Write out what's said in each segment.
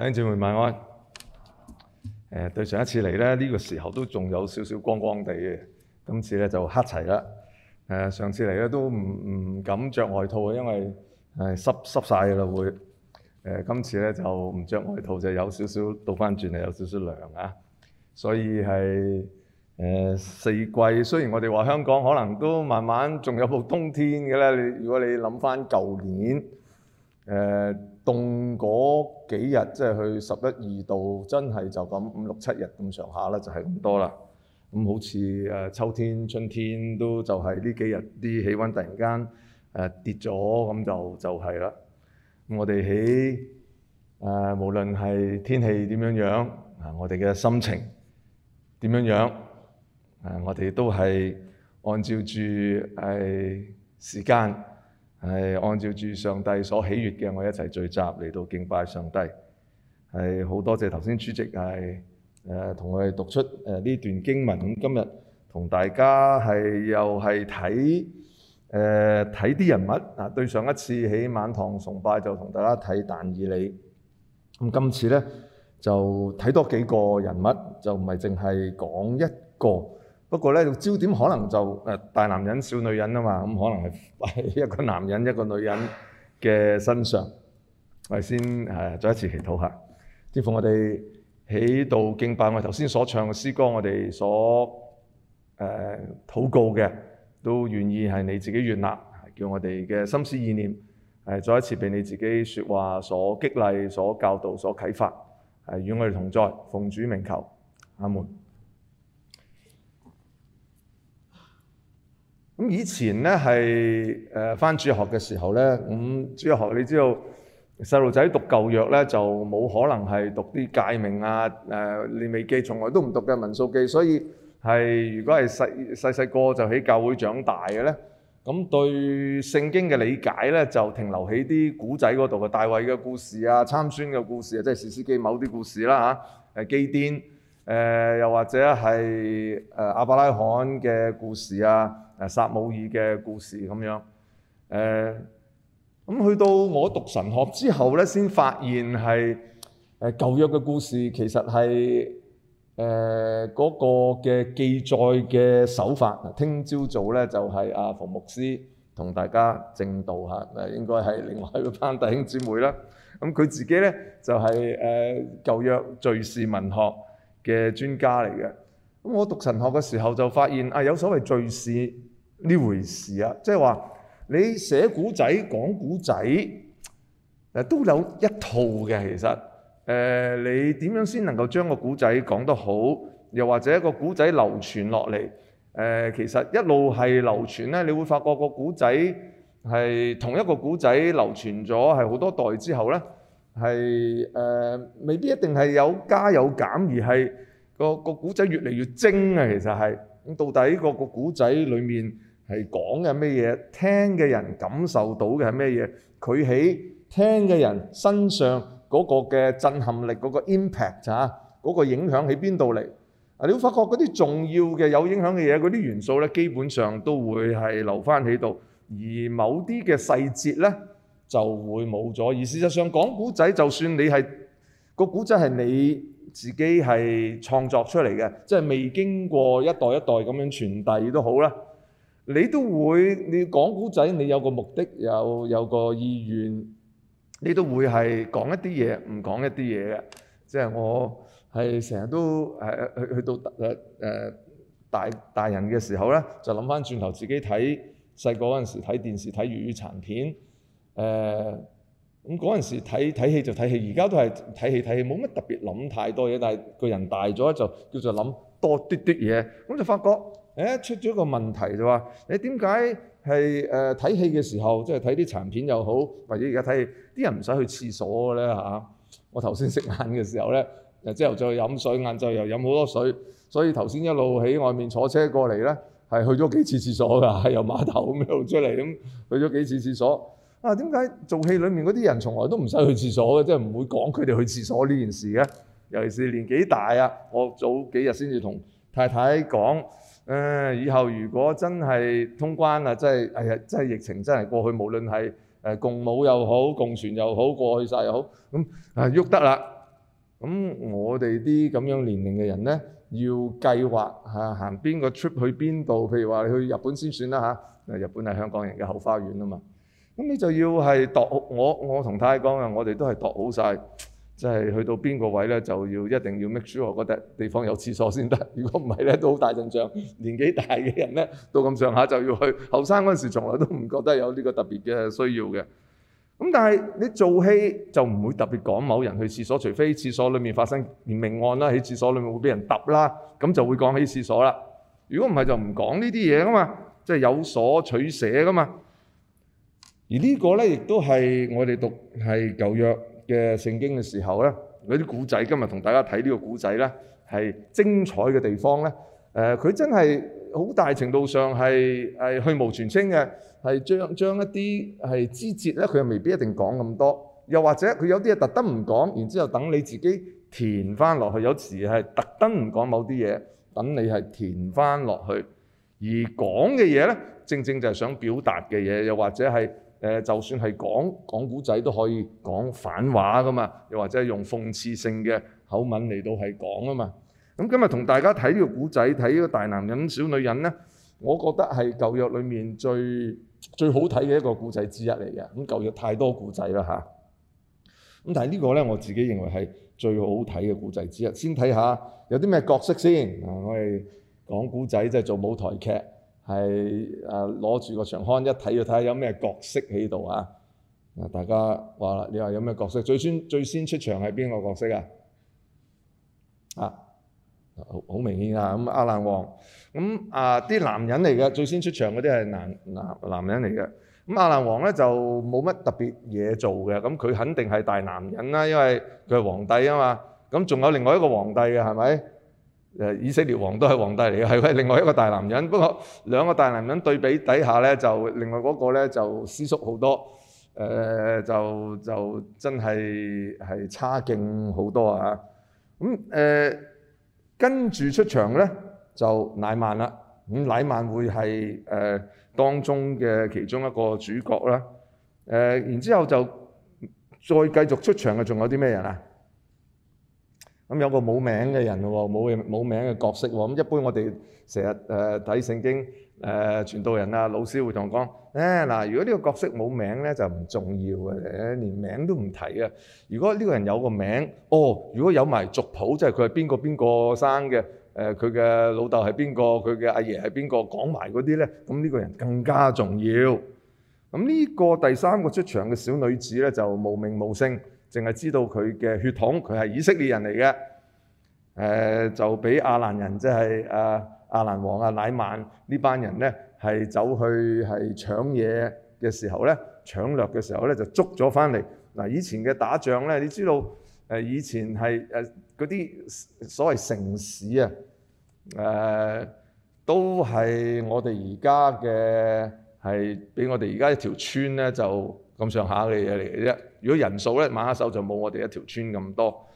兄弟們晚安。誒、呃、對上一次嚟咧，呢、呢個時候都仲有少少光光地。今次呢就黑齊啦、呃。上次嚟咧都唔敢著外套，因為係濕濕曬嘅啦會。今次呢就唔著外套，就是、有少少倒翻轉，有少少涼啊。所以係、呃、四季，雖然我哋話香港可能都慢慢仲有部冬天嘅啦。你如果你諗翻舊年、呃凍嗰幾日即係去十一二度，真係就咁五六七日咁上下啦，就係咁多啦。咁好似誒秋天、春天都就係呢幾日啲氣溫突然間誒跌咗，咁就就係啦。咁我哋喺誒無論係天氣點樣樣啊，我哋嘅心情點樣樣啊，我哋都係按照住誒時間。係按照住上帝所喜悅嘅，我一齊聚集嚟到敬拜上帝。係好多謝頭先主席係誒同我哋讀出誒呢、呃、段經文。咁今日同大家係又係睇誒睇啲人物啊。對上一次喺晚堂崇拜就同大家睇但以理，咁今次咧就睇多幾個人物，就唔係淨係講一個。不過咧，焦點可能就大男人小女人啊嘛，咁可能係一個男人一個女人嘅身上，我哋 先、啊、再一次祈禱下，接 奉我哋喺度敬拜我頭先所唱嘅詩歌，我哋所誒禱、呃、告嘅，都願意係你自己願納，叫我哋嘅心思意念、啊、再一次被你自己說話所激勵、所教導、所啟發，係、啊、與我哋同在，奉主名求，阿門。咁以前咧係誒返主學嘅時候咧，咁主學你知道細路仔讀舊約咧就冇可能係讀啲誡命啊誒利未記，從來都唔讀嘅民數記，所以係如果係細細細個就喺教會長大嘅咧，咁對聖經嘅理解咧就停留喺啲古仔嗰度嘅，大衛嘅故事啊、參孫嘅故事啊，即係士師記某啲故事啦嚇，誒基甸誒又或者係誒亞伯拉罕嘅故事啊。誒撒母耳嘅故事咁樣，誒咁去到我讀神學之後咧，先發現係誒舊約嘅故事其實係誒嗰個嘅記載嘅手法。聽朝早咧就係阿馮牧師同大家正道嚇，誒應該係另外嗰班弟兄姊妹啦。咁佢自己咧就係誒舊約敘事文學嘅專家嚟嘅。咁我讀神學嘅時候就發現啊有所謂敘事。呢回事啊，即係話你寫古仔、講古仔，誒都有一套嘅。其實，誒你點樣先能夠將個古仔講得好，又或者個古仔流傳落嚟？誒其實一路係流傳咧，你會發覺個古仔係同一個古仔流傳咗係好多代之後咧，係誒未必一定係有加有減，而係個個古仔越嚟越精啊。其實係，咁到底個個古仔裡面，係講嘅咩嘢，聽嘅人感受到嘅係咩嘢？佢喺聽嘅人身上嗰個嘅震撼力、嗰個 impact 啊，嗰個影響喺邊度嚟？啊，你會發覺嗰啲重要嘅、有影響嘅嘢，嗰啲元素咧，基本上都會係留翻喺度，而某啲嘅細節咧就會冇咗。而事實上，講古仔，就算你係個古仔係你自己係創作出嚟嘅，即係未經過一代一代咁樣傳遞都好啦。你都會，你講古仔，你有個目的，有有個意願，你都會係講一啲嘢，唔講一啲嘢嘅。即係我係成日都誒、呃、去去到誒誒、呃、大大人嘅時候咧，就諗翻轉頭自己睇細個嗰陣時睇電視睇粵語殘片誒咁嗰陣時睇睇戲就睇戲，而家都係睇戲睇戲，冇乜特別諗太多嘢。但係個人大咗就叫做諗多啲啲嘢，咁就發覺。誒出咗一個問題就話：你點解係誒睇戲嘅時候，即係睇啲殘片又好，或者而家睇戲，啲人唔使去廁所嘅咧嚇？我頭先食晏嘅時候咧，日朝頭再飲水，晏晝又飲好多水，所以頭先一路喺外面坐車過嚟咧，係去咗幾次廁所㗎，由碼頭咁一路出嚟咁，去咗幾次廁所。啊，點解做戲裡面嗰啲人從來都唔使去廁所嘅？即係唔會講佢哋去廁所呢件事嘅？尤其是年紀大啊，我早幾日先至同太太講。誒，以後如果真係通關啊，真係，哎呀，真係疫情真係過去，無論係誒共舞又好，共船又好，過去晒又好，咁啊喐得啦。咁我哋啲咁樣年齡嘅人咧，要計劃嚇行邊個 trip 去邊度，譬如話你去日本先算啦嚇。日本係香港人嘅後花園啊嘛。咁你就要係度我，我同太講啊，我哋都係度好晒。即、去到邊個位咧，就要一定要 make sure 我覺得地方有廁所先得。如果唔係咧，都好大陣仗。年紀大嘅人咧，到咁上下就要去。後生嗰陣時，從來都唔覺得有呢個特別嘅需要嘅。咁但係你做戲就唔會特別講某人去廁所，除非廁所裏面發生連命案啦，喺廁所裏面會俾人揼啦，咁就會講起廁所啦。如果唔係就唔講呢啲嘢噶嘛，即、有所取捨噶嘛。而呢個咧，亦都係我哋讀係舊約。嘅聖經嘅時候咧，嗰啲古仔今日同大家睇呢個古仔咧，係精彩嘅地方咧。誒、呃，佢真係好大程度上係係去無全清嘅。係將將一啲係枝節咧，佢又未必一定講咁多。又或者佢有啲嘢特登唔講，然之後等你自己填翻落去。有時係特登唔講某啲嘢，等你係填翻落去。而講嘅嘢咧，正正就係想表達嘅嘢，又或者係。誒，就算係講講古仔都可以講反話㗎嘛，又或者用諷刺性嘅口吻嚟到係講㗎嘛。咁今日同大家睇呢個古仔，睇呢個大男人小女人咧，我覺得係舊約裡面最最好睇嘅一個古仔之一嚟嘅。咁舊約太多古仔啦吓，咁、啊、但係呢個咧，我自己認為係最好睇嘅古仔之一。先睇下有啲咩角色先。啊，我哋講古仔即係做舞台劇。係啊！攞住個場刊一睇，就睇下有咩角色喺度啊！啊，大家話啦，你話有咩角色？最先最先出場係邊個角色啊？啊，好明顯啊！咁阿蘭王，咁啊啲男人嚟嘅，最先出場嗰啲係男男男人嚟嘅。咁阿蘭王咧就冇乜特別嘢做嘅，咁佢肯定係大男人啦、啊，因為佢係皇帝啊嘛。咁仲有另外一個皇帝嘅係咪？是以色列王都係皇帝嚟嘅，係咪？另外一個大男人。不過兩個大男人對比底下咧，就另外嗰個咧就私縮好多，誒、呃，就就真係係差勁好多啊！咁、嗯、誒，跟、呃、住出場咧就乃曼啦。咁、嗯、乃曼會係誒、呃、當中嘅其中一個主角啦。誒、呃，然之後就再繼續出場嘅仲有啲咩人啊？咁有個冇名嘅人喎，冇冇名嘅角色喎。咁一般我哋成日誒睇聖經，誒傳道人啊老師會同我講，誒嗱，如果呢個角色冇名咧就唔重要嘅，連名都唔提嘅。如果呢個人有個名，哦，如果有埋族譜，即係佢係邊個邊個生嘅，誒佢嘅老豆係邊個，佢嘅阿爺係邊個，講埋嗰啲咧，咁呢個人更加重要。咁呢個第三個出場嘅小女子咧就無名無姓。淨係知道佢嘅血統，佢係以色列人嚟嘅。誒、呃、就俾亞蘭人，即係誒亞蘭王啊乃曼呢班人咧，係走去係搶嘢嘅時候咧，搶掠嘅時候咧就捉咗返嚟。嗱，以前嘅打仗咧，你知道誒以前係誒嗰啲所謂城市啊，誒都係我哋而家嘅係俾我哋而家一條村咧就咁上下嘅嘢嚟嘅啫。如果人數咧，馬哈手，就冇我哋一條村咁多，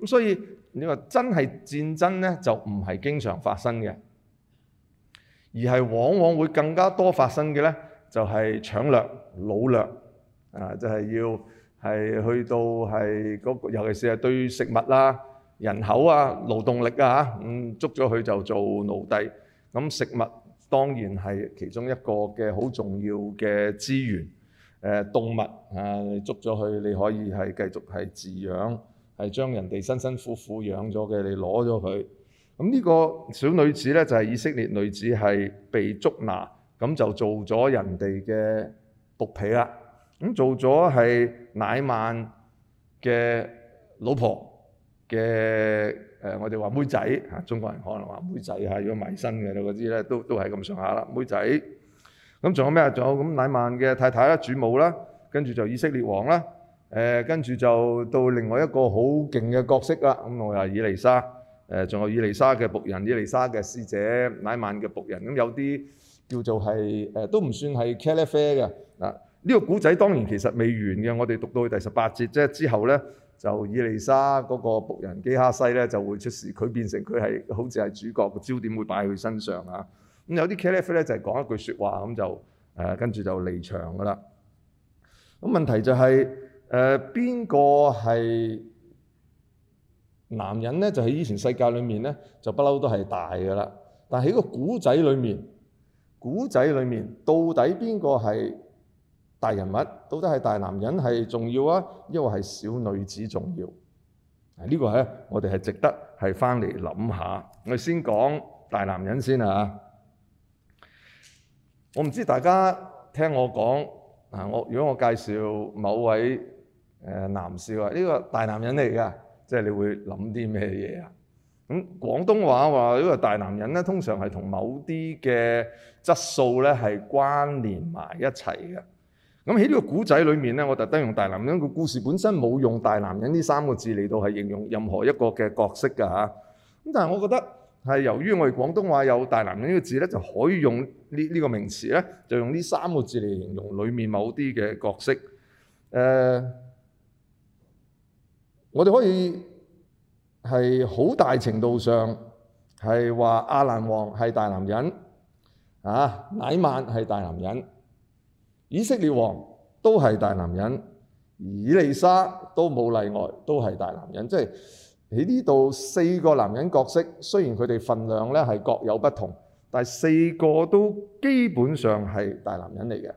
咁所以你話真係戰爭咧，就唔係經常發生嘅，而係往往會更加多發生嘅咧，就係搶掠、擄掠，啊，就係要係去到係嗰、嗰個，尤其是係對於食物啦、啊、人口啊、勞動力啊嚇，嗯，捉咗佢就做奴隸。咁食物當然係其中一個嘅好重要嘅資源。誒動物嚇，你捉咗佢，你可以係繼續係飼養，係將人哋辛辛苦苦養咗嘅，你攞咗佢。咁呢個小女子咧，就係、是、以色列女子，係被捉拿，咁就做咗人哋嘅奴婢啦。咁做咗係乃曼嘅老婆嘅誒，我哋話妹仔嚇，中國人可能話妹仔啊，要賣身嘅嗰啲咧，都都係咁上下啦，妹仔。咁仲有咩？仲有咁乃曼嘅太太啦、主母啦，跟住就以色列王啦，呃，跟住就到另外一個好勁嘅角色啦。咁我係以利沙，呃，仲有以利沙嘅僕人、以利沙嘅使者，乃曼嘅僕人。咁有啲叫做係、呃，都唔算係茄喱啡嘅嗱。呢個古仔當然其實未完嘅，我哋讀到去第十八節啫。之後咧，就以利沙嗰個僕人基哈西咧就會出事，佢變成佢係好似係主角，焦點會擺喺佢身上啊。有啲茄哩啡就係講一句說話咁就跟住就離場㗎喇。咁問題就係誒，邊個係男人咧？就喺以前世界裏面就不嬲都係大㗎喇。但喺個古仔裏面，古仔裏面到底邊個係大人物？到底係大男人係重要啊，抑或係小女子重要？啊、這個，呢個我哋係值得係返嚟諗下。我哋先講大男人先啊。我唔知大家聽我講啊，我如果我介紹某位誒男士話，呢、這個就是、個大男人嚟噶，即係你會諗啲咩嘢啊？咁廣東話話呢個大男人咧，通常係同某啲嘅質素咧係關聯埋一齊嘅。咁喺呢個古仔裏面咧，我特登用大男人，個故事本身冇用大男人呢三個字嚟到係形容任何一個嘅角色㗎吓。咁但係我覺得。係由於我哋廣東話有大男人呢個字咧，就可以用呢呢個名詞咧，就用呢三個字嚟形容裡面某啲嘅角色。誒、呃，我哋可以係好大程度上係話亞蘭王係大男人，啊，乃曼係大男人，以色列王都係大男人，以利沙都冇例外，都係大男人，即係。喺呢度四個男人角色，雖然佢哋份量咧係各有不同，但係四個都基本上係大男人嚟嘅。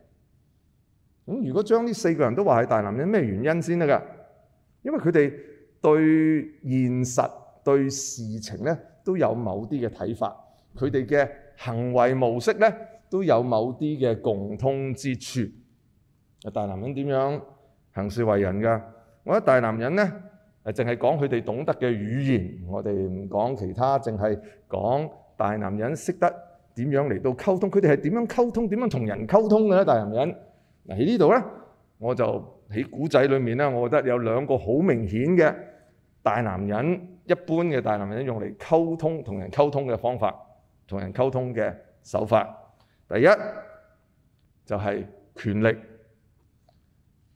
咁如果將呢四個人都話係大男人，咩原因先得噶？因為佢哋對現實、對事情咧都有某啲嘅睇法，佢哋嘅行為模式咧都有某啲嘅共通之處。大男人點樣行事為人噶？我覺得大男人咧。誒淨係講佢哋懂得嘅語言，我哋唔講其他，淨係講大男人識得點樣嚟到溝通。佢哋係點樣溝通？點樣同人溝通嘅咧？大男人嗱喺呢度咧，我就喺古仔裏面咧，我覺得有兩個好明顯嘅大男人，一般嘅大男人用嚟溝通同人溝通嘅方法，同人溝通嘅手法。第一就係權力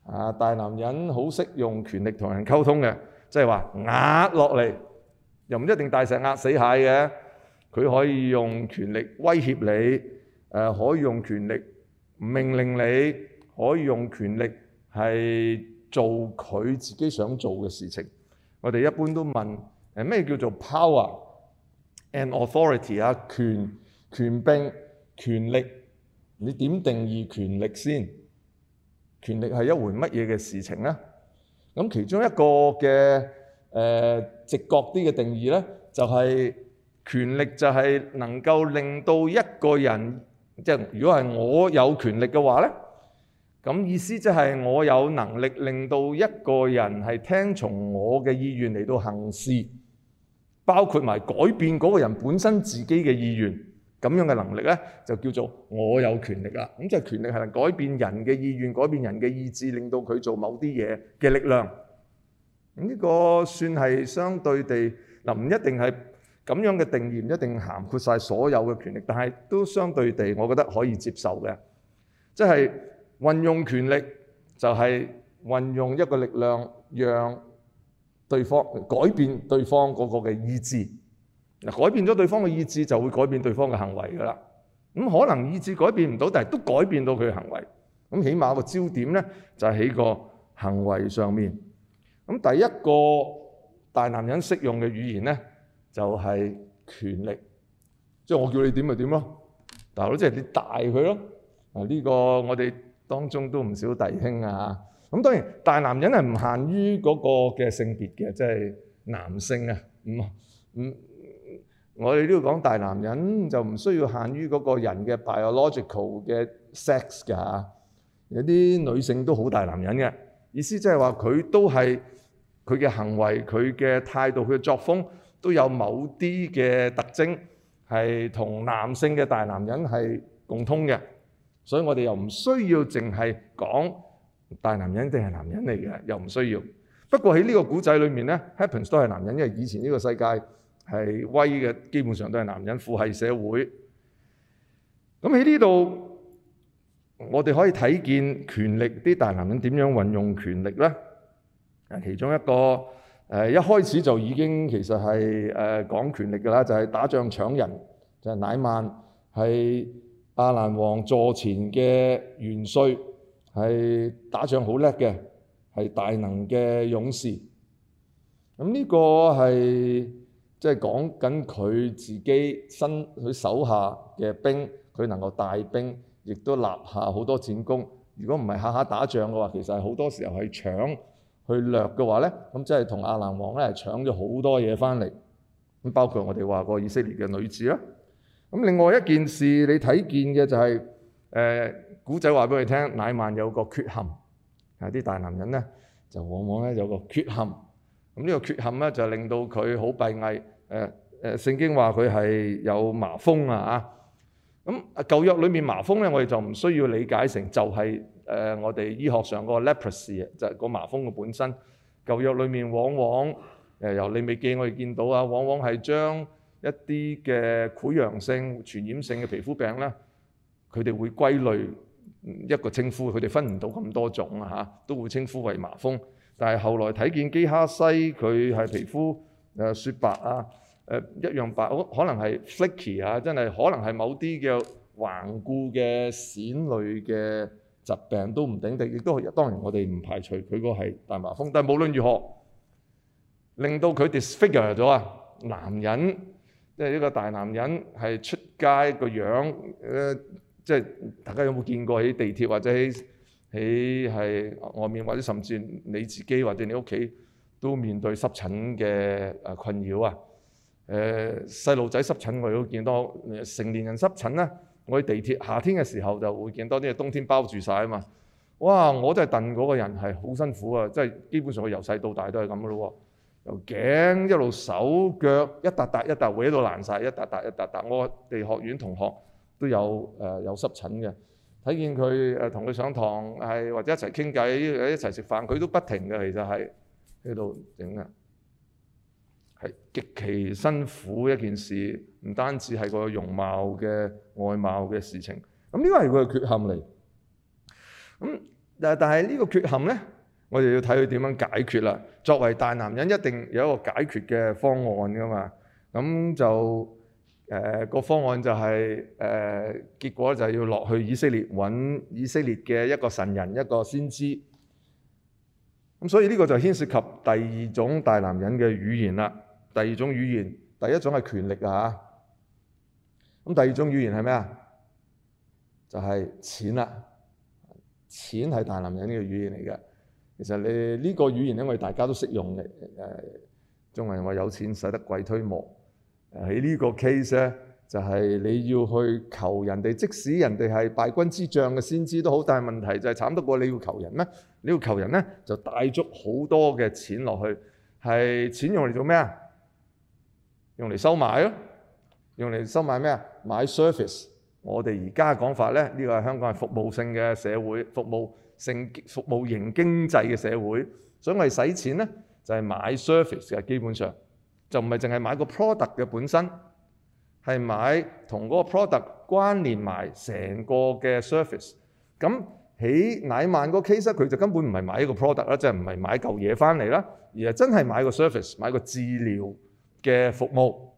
啊！大男人好識用權力同人溝通嘅。即係話壓落嚟又唔一定大石壓死蟹嘅，佢可以用權力威脅你，誒可以用權力命令你，可以用權力係做佢自己想做嘅事情。我哋一般都問誒咩叫做 power and authority 啊？權權柄、權力，你點定義權力先？權力係一回乜嘢嘅事情咧？咁其中一個嘅誒、呃、直覺啲嘅定義咧，就係、是、權力就係能夠令到一個人，即、就、係、是、如果係我有權力嘅話咧，咁意思即係我有能力令到一個人係聽從我嘅意願嚟到行事，包括埋改變嗰個人本身自己嘅意願。咁樣嘅能力咧，就叫做我有權力啦。咁即係權力係能改變人嘅意願，改變人嘅意志，令到佢做某啲嘢嘅力量。咁呢個算係相對地嗱，唔一定係咁樣嘅定義，唔一定涵括晒所有嘅權力，但係都相對地，我覺得可以接受嘅。即係運用權力，就係運用一個力量，讓對方改變對方嗰個嘅意志。嗱，改變咗對方嘅意志就會改變對方嘅行為㗎啦。咁可能意志改變唔到，但係都改變到佢嘅行為。咁起碼個焦點咧就喺個行為上面。咁第一個大男人適用嘅語言咧就係權力，即係我叫你點咪點咯。大佬即係你大佢咯。啊，呢個我哋當中都唔少弟兄啊。咁當然大男人係唔限於嗰個嘅性別嘅，即係男性啊。嗯、嗯、嗯。嗯。我哋都要講大男人，就唔需要限於嗰個人嘅 biological 嘅 sex 噶。有啲女性都好大男人嘅，意思即係話佢都係佢嘅行為、佢嘅態度、佢嘅作風都有某啲嘅特徵，係同男性嘅大男人係共通嘅。所以我哋又唔需要淨係講大男人定係男人嚟嘅，又唔需要。不過喺呢個古仔裏面咧，Happens 都係男人，因為以前呢個世界。係威嘅，基本上都係男人，父系社會。咁喺呢度，我哋可以睇見權力啲大男人點樣運用權力呢？其中一個一開始就已經其實係講、呃、講權力嘅啦，就係、是、打仗搶人，就係、是、乃曼係阿蘭王座前嘅元帥，係打仗好叻嘅，係大能嘅勇士。咁呢個係。即係講緊佢自己身佢手下嘅兵，佢能夠帶兵，亦都立下好多戰功。如果唔係下下打仗嘅話，其實係好多時候係，搶、去掠嘅話咧，咁即係同亞蘭王咧搶咗好多嘢翻嚟。咁包括我哋話過以色列嘅女子啦。咁另外一件事你睇見嘅就係、是，誒古仔話俾你聽，乃曼有個缺陷，係啲大男人咧就往往咧有個缺陷。咁、這、呢個缺陷咧就令到佢好閉翳，誒誒聖經話佢係有麻風啊嚇。咁舊約裏面麻風咧，我哋就唔需要理解成就係誒我哋醫學上個 leprosy，就係個麻風嘅本身。舊約裏面往往誒由利未記我哋見到啊，往往係將一啲嘅潰瘍性傳染性嘅皮膚病咧，佢哋會歸類一個稱呼，佢哋分唔到咁多種啊嚇，都會稱呼為麻風。但係後來睇見基哈西佢係皮膚雪白啊、呃，一樣白，可能係 flicky 啊，真係可能係某啲嘅頑固嘅癬類嘅疾病都唔定定，亦都係當然我哋唔排除佢個係大麻風。但係無論如何，令到佢 disfigured 咗啊，男人即係呢個大男人係出街個樣子，誒即係大家有冇見過喺地鐵或者喺？喺係外面或者甚至你自己或者你屋企都面對濕疹嘅誒困擾啊！誒細路仔濕疹我亦都見到，成年人濕疹咧，我喺地鐵夏天嘅時候就會見到啲，冬天包住晒啊嘛！哇！我都係戥嗰個人係好辛苦啊！即係基本上我由細到大都係咁噶咯，由頸一路手腳一笪笪一笪會喺度爛晒，一笪笪一笪笪。我哋學院同學都有誒、呃、有濕疹嘅。睇見佢同佢上堂或者一齊傾偈，一齊食飯，佢都不停嘅，其實係喺度整嘅，係極其辛苦一件事，唔單止係個容貌嘅外貌嘅事情。咁呢個係佢嘅缺陷嚟。咁但係但呢個缺陷呢，我哋要睇佢點樣解決啦，作為大男人，一定有一個解決嘅方案㗎嘛。咁就。誒、呃、個方案就係、是、誒、呃、結果就要落去以色列，揾以色列嘅一個神人，一個先知，咁所以呢個就牽涉及第二種大男人嘅語言啦。第二種語言，第一種係權力啊，咁第二種語言係咩啊？就係、是、錢啦，錢係大男人嘅語言嚟嘅。其實你呢個語言咧，我哋大家都識用嘅誒、呃，中文話有錢使得鬼推磨。喺呢個 case 咧，就係你要去求人哋，即使人哋係敗軍之將嘅先知都好，但係問題就係慘得過你要求人咩？你要求人咧，就帶足好多嘅錢落去，係錢用嚟做咩啊？用嚟收買咯，用嚟收買咩啊？買 service。我哋而家講法咧，呢個係香港係服務性嘅社會，服務性服務型經濟嘅社會，所以我哋使錢咧就係買 service 嘅基本上。就唔係淨係買個 product 嘅本身，係買同嗰個 product 關聯埋成個嘅 service。咁喺乃縵個 case，佢就根本唔係買一個 product 啦，即係唔係買嚿嘢翻嚟啦，而係真係買個 service，買個治療嘅服務。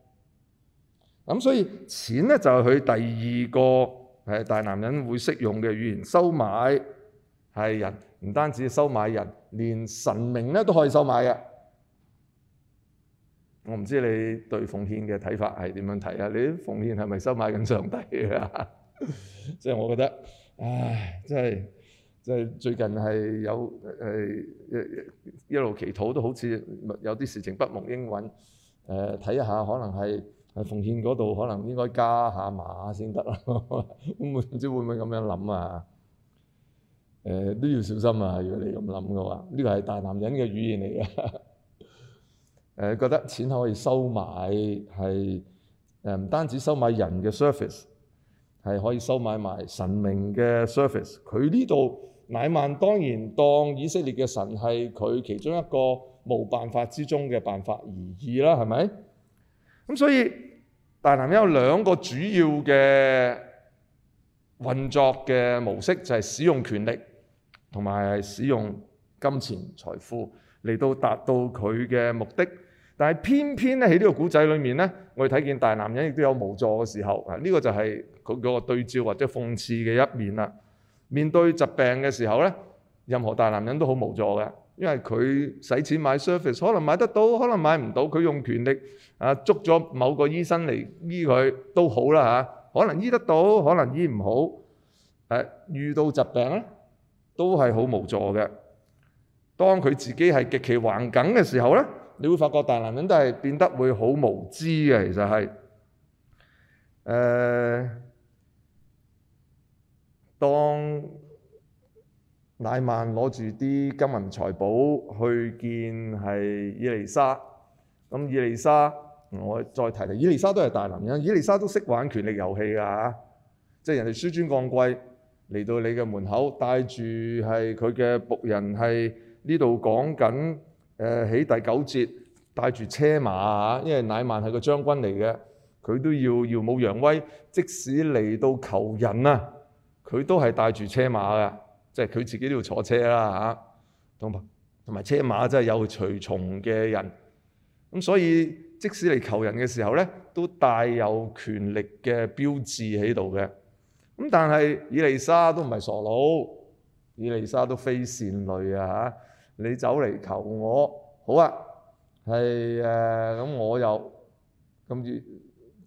咁所以錢咧就係佢第二個係大男人會識用嘅語言，收買係人，唔單止收買人，連神明咧都可以收買嘅。我唔知你對奉獻嘅睇法係點樣睇啊？你啲奉獻係咪收買緊上帝啊？即 係 我覺得，唉，即係即係最近係有誒一一路祈禱都好似有啲事情不蒙應允。誒、呃，睇下可能係喺奉獻嗰度，可能應該加下碼先得。我唔知會唔會咁樣諗啊？誒、 啊呃，都要小心啊！如果你咁諗嘅話，呢個係大男人嘅語言嚟嘅。誒覺得錢可以收買，係誒唔單止收買人嘅 service，係可以收買埋神明嘅 service。佢呢度，乃曼當然當以色列嘅神係佢其中一個冇辦法之中嘅辦法而已啦，係咪？咁所以大男人有兩個主要嘅運作嘅模式，就係、是、使用權力同埋使用金錢財富。嚟到達到佢嘅目的，但係偏偏咧喺呢個古仔裏面咧，我哋睇見大男人亦都有無助嘅時候啊！呢個就係佢個對照或者諷刺嘅一面啦。面對疾病嘅時候咧，任何大男人都好無助嘅，因為佢使錢買 service，可能買得到，可能買唔到。佢用權力啊，捉咗某個醫生嚟醫佢都好啦吓，可能醫得到，可能醫唔好。誒，遇到疾病咧，都係好無助嘅。當佢自己係極其橫梗嘅時候咧，你會發覺大男人都係變得會好無知嘅。其實係，誒、呃，當乃曼攞住啲金銀財寶去見係以利沙，咁以利沙，我再提提，以利沙都係大男人，以利沙都識玩權力遊戲㗎嚇，即係人哋紆尊降貴嚟到你嘅門口，帶住係佢嘅僕人係。呢度講緊誒，喺第九節帶住車馬，因為乃曼係個將軍嚟嘅，佢都要耀武揚威。即使嚟到求人啊，佢都係帶住車馬㗎，即係佢自己都要坐車啦嚇。同埋同埋車馬真係有隨從嘅人。咁所以即使嚟求人嘅時候咧，都帶有權力嘅標誌喺度嘅。咁但係以利沙都唔係傻佬，以利沙都非善類啊嚇。你走嚟求我，好啊，係誒咁我又跟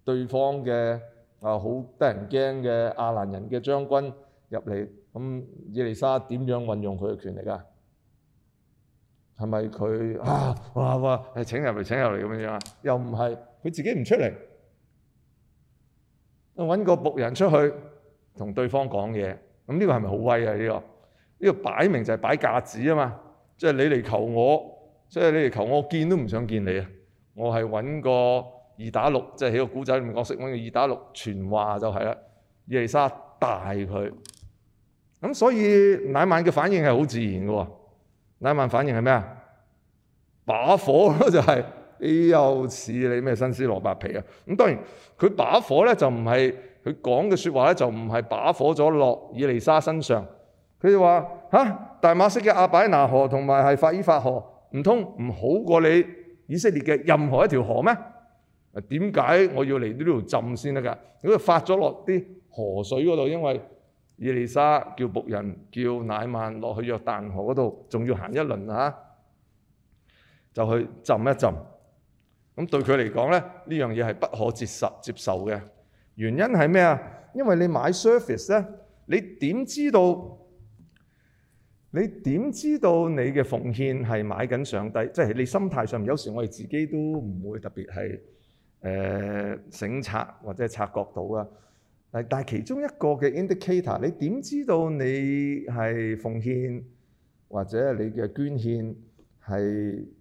對方嘅啊好得人驚嘅阿蘭人嘅將軍入嚟，咁以利沙點樣運用佢嘅權力啊？係咪佢啊話話係請入嚟請入嚟咁樣啊？又唔係。佢自己唔出嚟，我揾個僕人出去同對方講嘢，咁呢個係咪好威啊？呢個呢個擺明就係擺架子啊嘛～即係你嚟求我，即係你嚟求我，我見都唔想見你啊！我係揾個二打六，即係喺個古仔裏面角色揾個二打六傳話就係啦。以利沙大佢，咁所以乃曼嘅反應係好自然嘅喎。乃曼反應係咩啊？把火咯就係，你又似你咩新鮮蘿蔔皮啊！咁當然佢把火咧就唔係，佢講嘅説話咧就唔係把火咗落以利沙身上。佢哋話吓！」大馬色嘅阿拜拿河同埋係法伊法河，唔通唔好過你以色列嘅任何一條河咩？點解我要嚟呢度浸先得㗎？如果發咗落啲河水嗰度，因為伊利沙叫僕人叫乃曼落去約旦河嗰度，仲要行一輪啊，就去浸一浸。咁對佢嚟講咧，呢樣嘢係不可接受接受嘅。原因係咩啊？因為你買 service 咧，你點知道？你點知道你嘅奉獻係買緊上帝？即係你心態上面，有時我哋自己都唔會特別係誒省察或者察覺到啊！但係其中一個嘅 indicator，你點知道你係奉獻或者你嘅捐獻係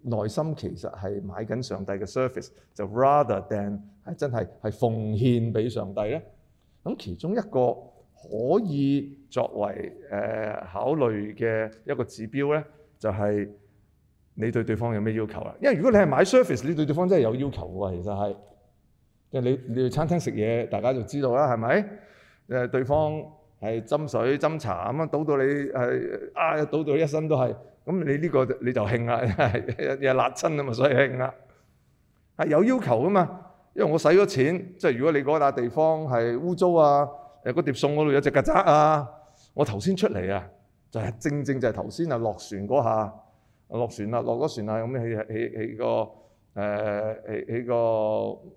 內心其實係買緊上帝嘅 service 就 rather than 係真係係奉獻俾上帝咧？咁其中一個可以。作為誒、呃、考慮嘅一個指標咧，就係、是、你對對方有咩要求啦？因為如果你係買 s u r f a c e 你對對方真係有要求嘅喎。其實係即係你你去餐廳食嘢，大家就知道啦，係咪？誒對方係斟水斟茶咁啊，倒到你係啊，倒到一身都係。咁你呢個你就興啦，係嘢辣親啊嘛，所以興啦。係有要求嘅嘛，因為我使咗錢，即係如果你嗰笪地方係污糟啊，誒碟餸嗰度有隻曱甴啊～我頭先出嚟啊，就係正正就係頭先啊落船嗰下，落船啦，落咗船啦，咁去去去個誒，去、呃、去個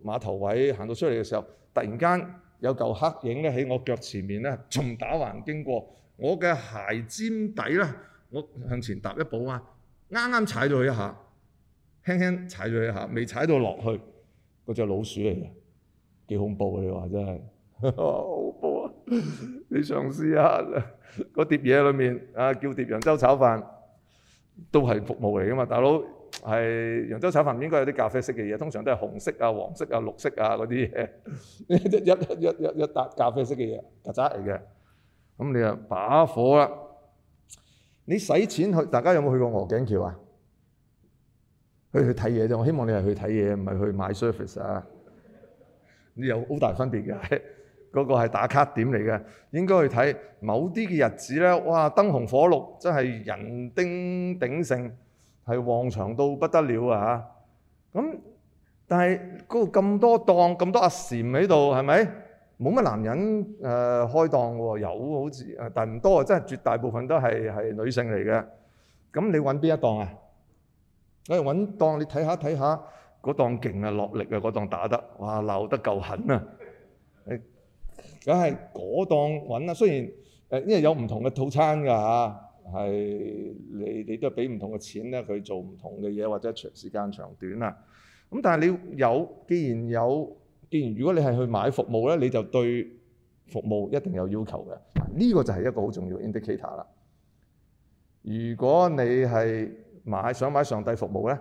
碼頭位行到出嚟嘅時候，突然間有嚿黑影咧喺我腳前面咧，仲打橫經過，我嘅鞋尖底啦，我向前踏一步啊，啱啱踩咗佢一下，輕輕踩咗佢一下，未踩到落去，嗰隻老鼠嚟嘅，幾恐怖啊！你話真係。 你嘗試下個碟嘢裏面啊，叫碟揚州炒飯都係服務嚟噶嘛，大佬係揚州炒飯應該有啲咖啡色嘅嘢，通常都係紅色啊、黃色啊、綠色啊嗰啲嘢，一一一一一笪咖啡色嘅嘢，曱甴嚟嘅。咁你就把火啦，你使錢去，大家有冇去過鵝頸橋啊？去去睇嘢啫，我希望你係去睇嘢，唔係去買 service 啊。你有好大分別嘅。 嗰個係打卡點嚟嘅，應該去睇某啲嘅日子咧，哇燈紅火綠，真係人丁鼎盛，係旺場到不得了啊！咁但係嗰個咁多檔，咁多阿嬋喺度，係咪？冇乜男人誒開檔喎，有好似但唔多，真係絕大部分都係係女性嚟嘅。咁你揾邊一檔啊？你，欸，揾檔，你睇下睇下嗰檔勁啊，落力啊，嗰檔打得，哇鬧得夠狠啊！梗係嗰檔揾啦，雖然誒，因為有唔同嘅套餐㗎嚇，係你你都係俾唔同嘅錢咧，佢做唔同嘅嘢，或者長時間長短啦。咁但係你有，既然有，既然如果你係去買服務咧，你就對服務一定有要求嘅。呢個就係一個好重要 indicator 啦。如果你係買想買上帝服務咧，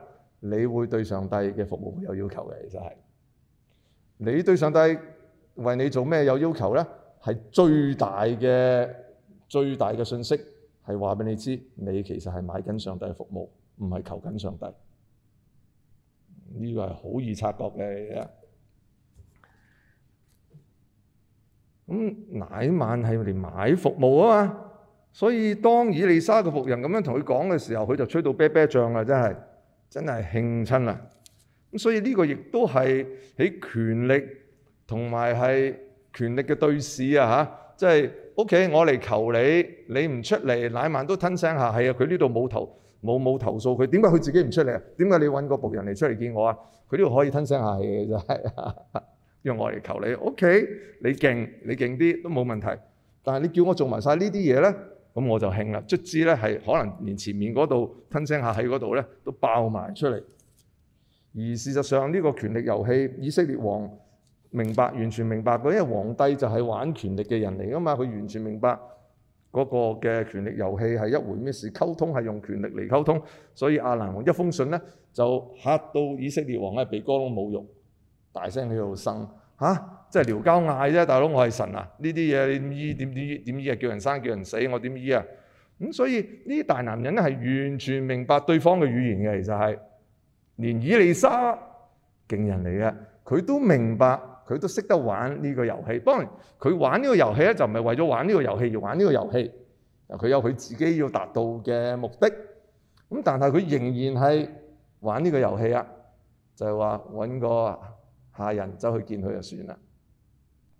你會對上帝嘅服務會有要求嘅，其實係你對上帝。為你做咩有要求呢？係最大嘅、最大嘅信息係話俾你知，你其實係買緊上帝嘅服務，唔係求緊上帝。呢個係好易察覺嘅嘢。咁、嗯、乃縵係嚟買服務啊嘛，所以當以利沙嘅僕人咁樣同佢講嘅時候，佢就吹到啤啤脹啦，真係真係㷫親啦。所以呢個亦都係喺權力。同埋係權力嘅對峙啊！嚇，即係 O.K. 我嚟求你，你唔出嚟，乃曼都吞聲下氣啊！佢呢度冇投冇冇投訴佢，點解佢自己唔出嚟啊？點解你搵個僕人嚟出嚟見我啊？佢呢度可以吞聲下氣嘅啫，係因為我嚟求你。O.K. 你勁你勁啲都冇問題，但係你叫我做埋晒呢啲嘢咧，咁我就興啦！卒之咧係可能連前面嗰度吞聲下氣嗰度咧都爆埋出嚟。而事實上呢個權力遊戲，以色列王。明白，完全明白嘅，因為皇帝就係玩權力嘅人嚟噶嘛，佢完全明白嗰個嘅權力遊戲係一回咩事，溝通係用權力嚟溝通，所以亞蘭王一封信咧就嚇到以色列王咧鼻哥窿都冇用，大聲喺度呻吓，即係撩交嗌啫，大佬我係神啊！呢啲嘢你醫點點醫點醫啊，叫人生叫人死我點醫啊？咁所以呢啲大男人咧係完全明白對方嘅語言嘅，其實係連以利沙勁人嚟嘅，佢都明白。佢都識得玩呢個遊戲，當然佢玩呢個遊戲呢，就唔係為咗玩呢個遊戲而玩呢個遊戲，嗱，佢有佢自己要達到嘅目的，但係佢仍然係玩呢個遊戲，就係話揾個下人走去見佢就算啦。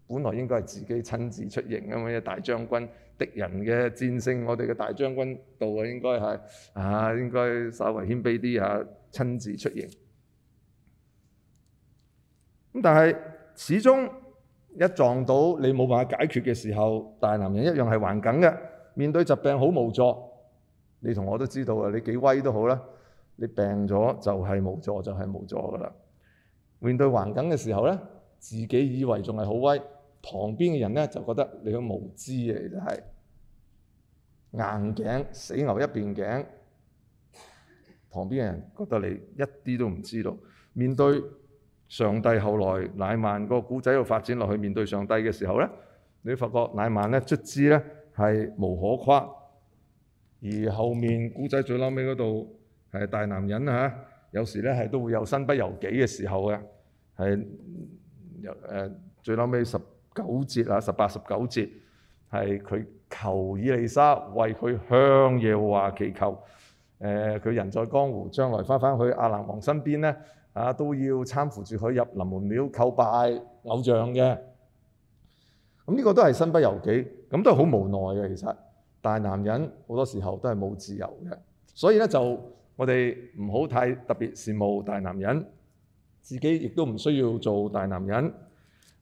本來應該係自己親自出營啊，因為大將軍，敵人嘅戰勝我哋嘅大將軍到啊，應該係啊，應該稍為謙卑啲嚇，親自出營。但係始終一撞到你冇辦法解決嘅時候，大男人一樣係頑梗嘅。面對疾病好無助，你同我都知道啊！你幾威都好啦，你病咗就係無助，就係無助噶啦。面對頑梗嘅時候咧，自己以為仲係好威，旁邊嘅人咧就覺得你好無知呀，真係硬頸死牛一邊頸。旁邊嘅人覺得你一啲都唔知道，面對。上帝後來乃曼個古仔又發展落去，面對上帝嘅時候咧，你都發覺乃曼咧卒之咧係無可誇，而後面古仔最撚尾嗰度係大男人嚇，有時咧係都會有身不由己嘅時候嘅，係誒最撚尾十九節啊，十八十九節係佢求以利沙為佢向耶和華祈求，誒佢人在江湖，將來翻返去亞蘭王身邊咧。啊，都要參扶住佢入臨門廟叩拜偶像嘅，咁呢個都係身不由己，咁都係好無奈嘅。其實大男人好多時候都係冇自由嘅，所以咧就我哋唔好太特別羨慕大男人，自己亦都唔需要做大男人。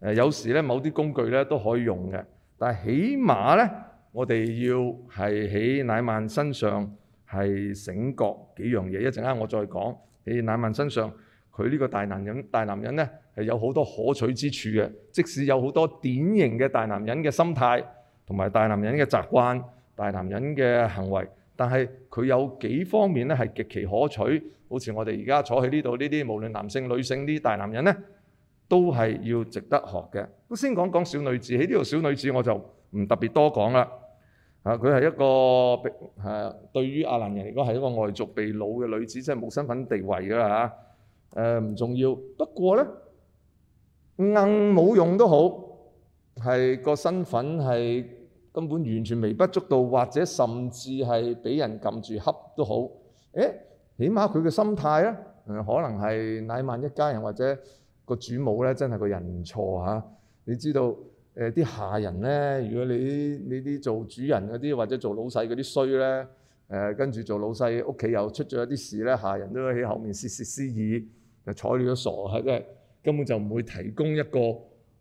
誒，有時咧某啲工具咧都可以用嘅，但係起碼咧我哋要係喺乃曼身上係醒覺幾樣嘢，一陣間我再講喺乃曼身上。佢呢個大男人，大男人呢，係有好多可取之處嘅。即使有好多典型嘅大男人嘅心態同埋大男人嘅習慣，大男人嘅行為，但係佢有幾方面呢係極其可取。好似我哋而家坐喺呢度呢啲，無論男性女性呢，大男人呢，都係要值得學嘅。先講講小女子喺呢度，在這小女子我就唔特別多講啦。啊，佢係一個誒，啊，對於亞蘭人嚟講係一個外族被擄嘅女子，即係冇身份地位㗎啦誒、呃、唔重要，不過咧，硬冇用都好，係個身份係根本完全微不足道，或者甚至係俾人撳住恰都好。誒、欸，起碼佢嘅心態咧、呃，可能係乃萬一家人或者個主母咧，真係個人唔錯嚇。你知道誒啲、呃、下人咧，如果你你啲做主人嗰啲或者做老細嗰啲衰咧。誒、呃、跟住做老細，屋企又出咗一啲事咧，下人都喺後面竊竊私語，就睬你都傻，係真係根本就唔會提供一個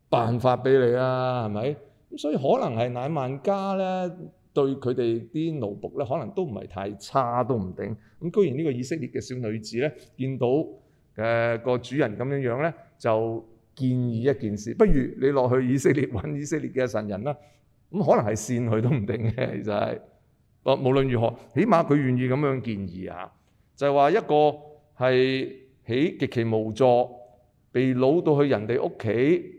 辦法俾你啦、啊，係咪？咁所以可能係乃縵家咧，對佢哋啲奴僕咧，可能都唔係太差，都唔定。咁居然呢個以色列嘅小女子咧，見到嗰個主人咁樣樣咧，就建議一件事，不如你落去以色列揾以色列嘅神人啦。咁可能係線佢都唔定嘅，其實係。哦，無論如何，起碼佢願意咁樣建議啊，就係話一個係喺極其無助、被擄到去人哋屋企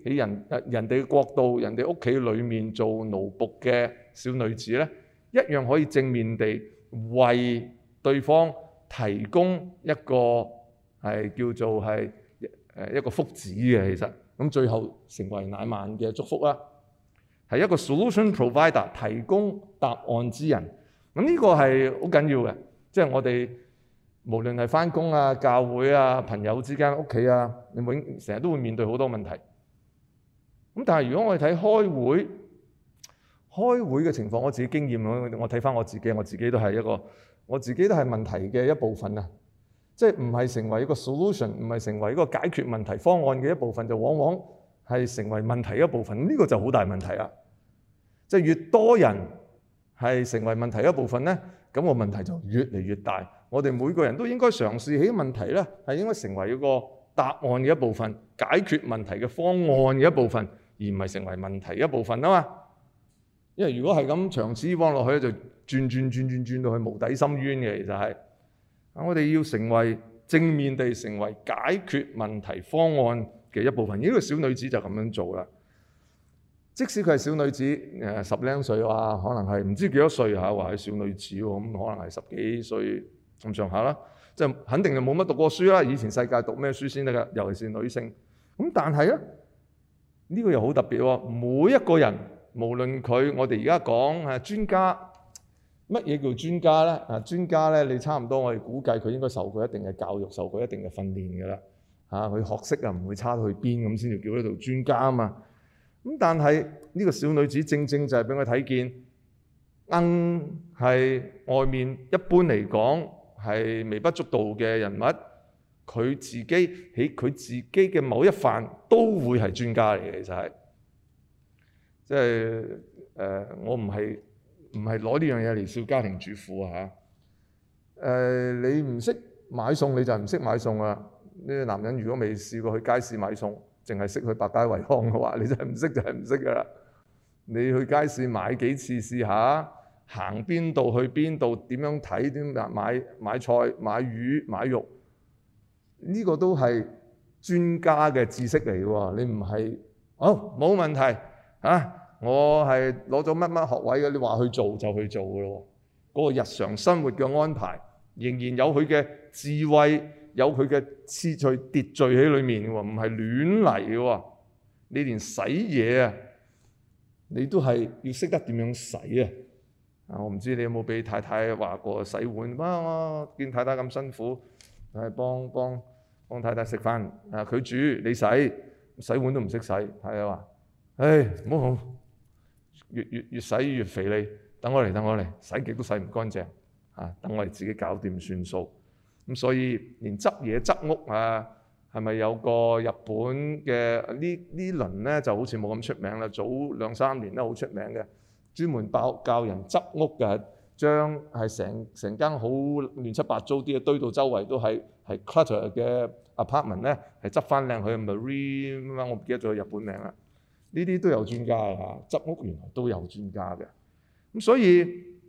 喺人人哋嘅國度、人哋屋企裏面做奴僕嘅小女子咧，一樣可以正面地為對方提供一個係叫做係誒一個福祉嘅，其實，咁最後成為乃縵嘅祝福啦，係一個 solution provider 提供答案之人。咁呢個係好緊要嘅，即係我哋無論係翻工啊、教會啊、朋友之間、屋企啊，你永成日都會面對好多問題。咁但係如果我哋睇開會，開會嘅情況，我自己經驗，我睇翻我自己，我自己都係一個我自己都係問題嘅一部分啊！即係唔係成為一個 solution，唔係成為一個解決問題方案嘅一部分，就往往係成為問題的一部分。呢個就好大問題啦！即係越多人。係成為問題一部分呢。咁我問題就越嚟越大。我哋每個人都應該嘗試起問題咧，係應該成為一個答案嘅一部分，解決問題嘅方案嘅一部分，而唔係成為問題一部分啊嘛。因為如果係咁長此往落去，就轉轉轉轉轉到去無底深淵嘅，其實係我哋要成為正面地成為解決問題方案嘅一部分。呢個小女子就咁樣做啦。即使佢係小女子，誒十零歲啊，可能係唔知幾多歲嚇，話係小女子喎，咁可能係十幾歲咁上下啦。即係肯定就冇乜讀過書啦。以前世界讀咩書先得㗎，尤其是女性。咁但係咧，呢個又好特別喎。每一個人，無論佢，我哋而家講誒專家，乜嘢叫專家咧？啊，專家咧，你差唔多我哋估計佢應該受過一定嘅教育，受過一定嘅訓練㗎啦。嚇，佢學識啊，唔會差到去邊咁先叫得到專家啊嘛。但係呢、呢個小女子正正就係畀我睇見，硬、嗯、係外面一般嚟講係微不足道嘅人物，佢自己喺佢自己嘅某一範都會係專家嚟嘅，其實係即係誒，我唔係唔係攞呢樣嘢嚟笑家庭主婦啊嚇！誒、呃，你唔識買餸你就唔識買餸啊！呢、呢、啲、個、男人如果未試過去街市買餸。淨係識去百佳惠康嘅話，你就唔識就係唔識嘅啦。你去街市買幾次試下，行邊度去邊度，點樣睇點，買買菜、買魚、買肉，呢個都係專家嘅知識嚟嘅喎。你唔係好冇問題啊？我係攞咗乜乜學位嘅，你話去做就去做嘅咯。嗰個日常生活嘅安排，仍然有佢嘅智慧。有佢嘅次序秩序喺裏面嘅，唔係亂嚟嘅喎。你連洗嘢啊，你都係要識得點樣洗啊！啊，我唔知你有冇畀太太話過洗碗。哇，見太太咁辛苦，去幫幫幫太太食飯啊。佢煮你洗，洗碗都唔識洗。太太話：唉、哎，唔好，越越越洗越肥你。等我嚟，等我嚟，洗極都洗唔乾淨。啊，等我嚟自己搞掂算數。咁所以連執嘢執屋啊，係咪有個日本嘅呢？呢輪咧就好似冇咁出名啦。早兩三年咧好出名嘅，專門教教人執屋嘅，將係成成間好亂七八糟啲嘢堆到周圍都係係 clutter 嘅 apartment 咧，係執翻靚佢。Marie 我唔記得咗日本名啦。呢啲都有專家啊，執屋原來都有專家嘅。咁所以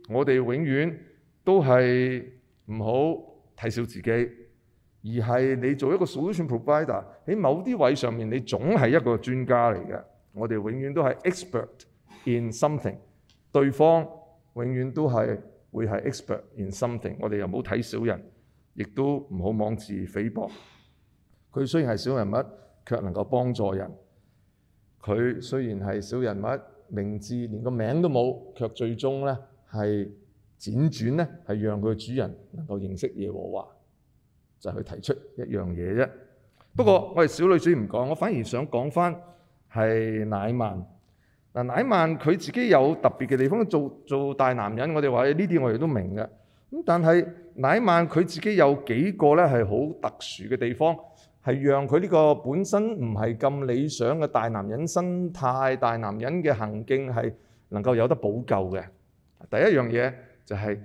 我哋永遠都係唔好睇小自己，而係你做一個 solution provider 喺某啲位上面，你總係一個專家嚟嘅。我哋永遠都係 expert in something，對方永遠都係會係 expert in something。我哋又唔好睇小人，亦都唔好妄自菲薄。佢雖然係小人物，卻能夠幫助人。佢雖然係小人物，名字連個名都冇，卻最終咧係。輾轉咧，係讓佢嘅主人能夠認識耶和華，就去、是、提出一樣嘢啫。不過，我哋小女主唔講，我反而想講返係乃曼嗱。乃曼佢自己有特別嘅地方，做做大男人我說，這些我哋話呢啲我哋都明嘅。咁但係乃曼佢自己有幾個咧係好特殊嘅地方，係讓佢呢個本身唔係咁理想嘅大男人生態、大男人嘅行徑係能夠有得補救嘅。第一樣嘢。就係、是、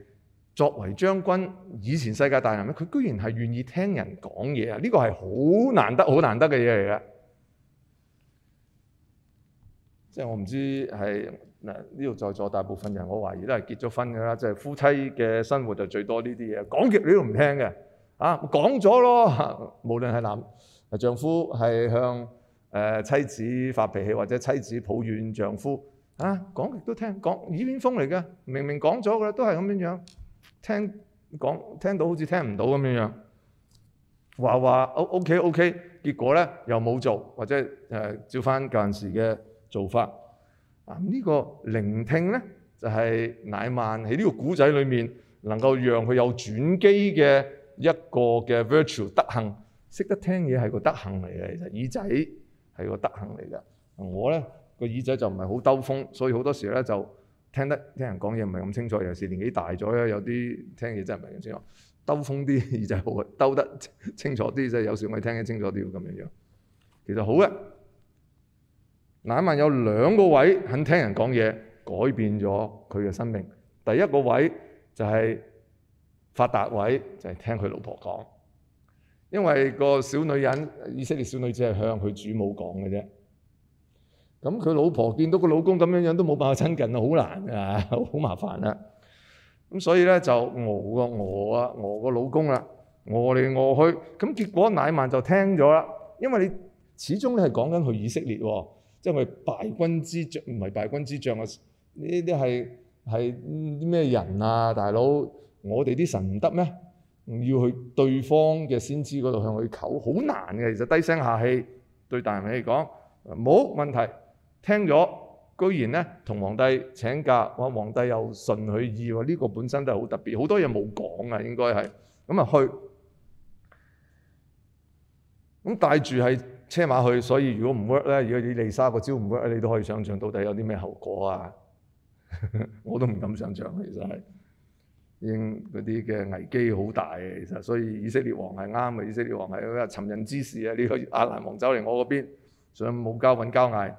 作為將軍，以前世界大人物，佢居然係願意聽人講嘢啊！呢個係好難得好難得嘅嘢嚟嘅。即係我唔知係嗱呢度在座大部分人，我懷疑都係結咗婚噶啦，即、就、係、是、夫妻嘅生活就最多呢啲嘢。講極你都唔聽嘅啊，講咗咯。無論係男是丈夫係向誒、呃、妻子發脾氣，或者妻子抱怨丈夫。啊，講亦都聽，講耳邊風嚟嘅，明明講咗嘅，都係咁樣樣。聽講聽到好似聽唔到咁樣樣，話話 O OK OK，結果咧又冇做，或者誒、呃、照返舊陣時嘅做法。啊，呢、這個聆聽咧就係、是、乃曼喺呢個古仔裏面能夠讓佢有轉機嘅一個嘅 virtue 德行。識得聽嘢係個德行嚟嘅，其實耳仔係個德行嚟嘅。我咧。個耳仔就唔係好兜風，所以好多時咧就聽得聽人講嘢唔係咁清楚。尤其是年紀大咗有啲聽嘢真係唔係咁清楚。兜風啲耳仔好，兜得清楚啲，即係有時我哋聽得清楚啲咁樣樣。其實好嘅，乃曼有兩個位肯聽人講嘢，改變咗佢嘅生命。第一個位就係發達位，就係、是、聽佢老婆講，因為個小女人，以色列小女子係向佢主母講嘅啫。咁佢老婆見到個老公咁樣樣都冇辦法親近啊，好難啊，好麻煩啊。咁所以咧就餓啊餓啊，餓個老公啦，餓嚟餓去。咁結果乃曼就聽咗啦，因為你始終你係講緊去以色列喎，即係佢敗軍之將唔係敗軍之將啊。呢啲係係啲咩人啊，大佬？我哋啲神唔得咩？要去對方嘅先知嗰度向佢求，好難嘅。其實低聲下氣對大人嚟講，冇問題。聽咗，居然呢，同皇帝請假。哇！皇帝又順佢意喎，呢、這個本身都係好特別，好多嘢冇講呀。應該係咁啊去咁帶住喺車馬去，所以如果唔 work，如果你以利沙個招唔 work，你都可以想象到底有啲咩後果啊！ 我都唔敢想象，其實係已經嗰啲嘅危機好大嘅。其實所以以色列王係啱嘅，以色列王係佢話尋釁滋事啊。呢、這個阿蘭王走嚟我嗰邊，仲有冇交揾交嗌？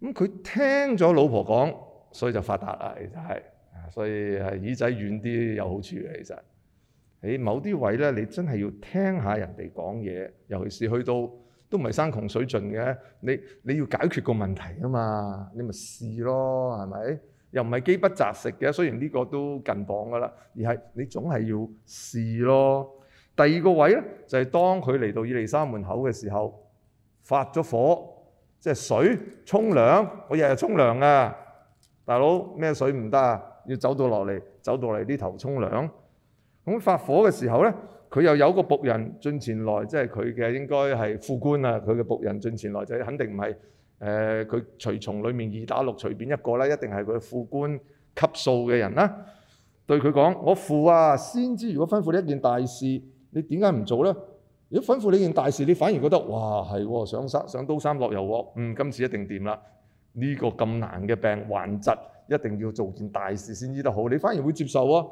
咁佢聽咗老婆講，所以就發達啦，其實所以係耳仔遠啲有好處嘅，其實喺某啲位咧，你真係要聽下人哋講嘢，尤其是去到都唔係山窮水盡嘅，你你要解決個問題啊嘛，你咪試咯，係咪？又唔係機不擲食嘅，雖然呢個都近榜噶啦，而係你總係要試咯。第二個位咧，就係當佢嚟到伊利沙門口嘅時候，發咗火。即係水沖涼，我日日沖涼啊！大佬咩水唔得啊？要走到落嚟，走到嚟呢頭沖涼。咁發火嘅時候咧，佢又有個僕人進前來，即係佢嘅應該係副官啊。佢嘅僕人進前來就是、肯定唔係誒佢隨從裡面二打六隨便一個啦，一定係佢副官級數嘅人啦。對佢講：我父啊，先知如果吩咐你一件大事，你點解唔做咧？如果吩咐你件大事，你反而覺得哇係喎，上山上刀山落油鑊，嗯，今次一定掂啦。呢、這個咁難嘅病患疾，一定要做件大事先醫得好，你反而會接受喎、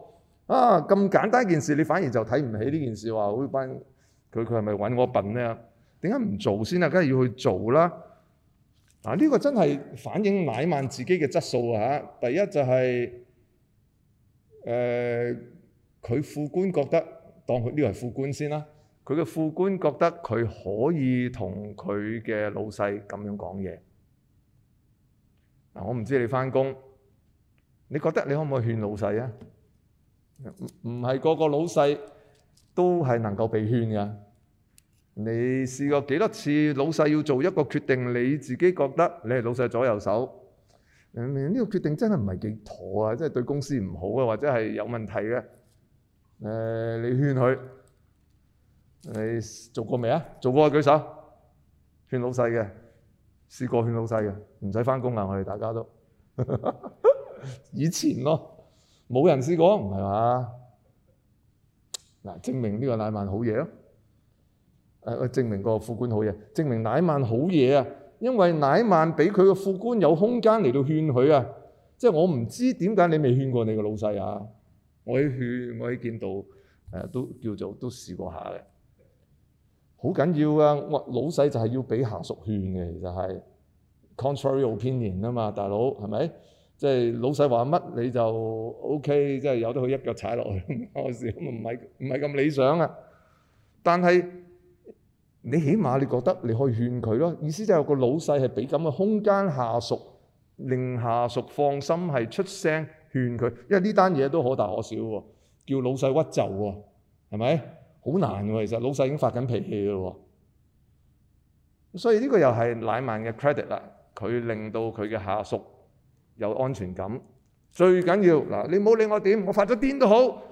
啊。啊，咁簡單一件事，你反而就睇唔起呢件事，話好，班佢佢係咪揾我笨咧？點解唔做先啊？梗係要去做啦。嗱、啊，呢、這個真係反映乃曼自己嘅質素啊！第一就係、是、誒，佢、呃、副官覺得當佢呢個係副官先啦。佢嘅副官覺得佢可以同佢嘅老細咁樣講嘢。嗱，我唔知你翻工，你覺得你可唔可以勸老細啊？唔唔係個個老細都係能夠被勸嘅。你試過幾多次老細要做一個決定，你自己覺得你係老細左右手？誒、嗯、呢、呢個決定真係唔係幾妥啊！即係對公司唔好嘅，或者係有問題嘅。誒、嗯，你勸佢。你做過未啊？做過啊？舉手，勸老細嘅試過勸老細嘅，唔使翻工啊！我哋大家都 以前咯，冇人試過，唔係嘛？嗱，證明呢個乃曼好嘢咯。誒，證明個副官好嘢，證明乃曼好嘢啊！因為乃曼俾佢個副官有空間嚟到勸佢啊。即係我唔知點解你未勸過你個老細啊？我去勸，我去見到誒，都叫做都試過一下嘅。好緊要㗎，我老細就係要俾下屬勸嘅，其實係 contrary opinion 啊嘛，大佬係咪？即係老細話乜你就 OK，即係由得佢一腳踩落去，唔好笑，唔係唔係咁理想啊。但係你起碼你覺得你可以勸佢咯，意思就係個老細係俾咁嘅空間下屬，令下屬放心係出聲勸佢，因為呢單嘢都可大可小喎，叫老細屈就喎，係咪？好難喎，其實老細已經發緊脾氣咯喎，所以呢個又係乃縵嘅 credit 啦。佢令到佢嘅下屬有安全感。最緊要嗱，你唔好理我點，我發咗癲都好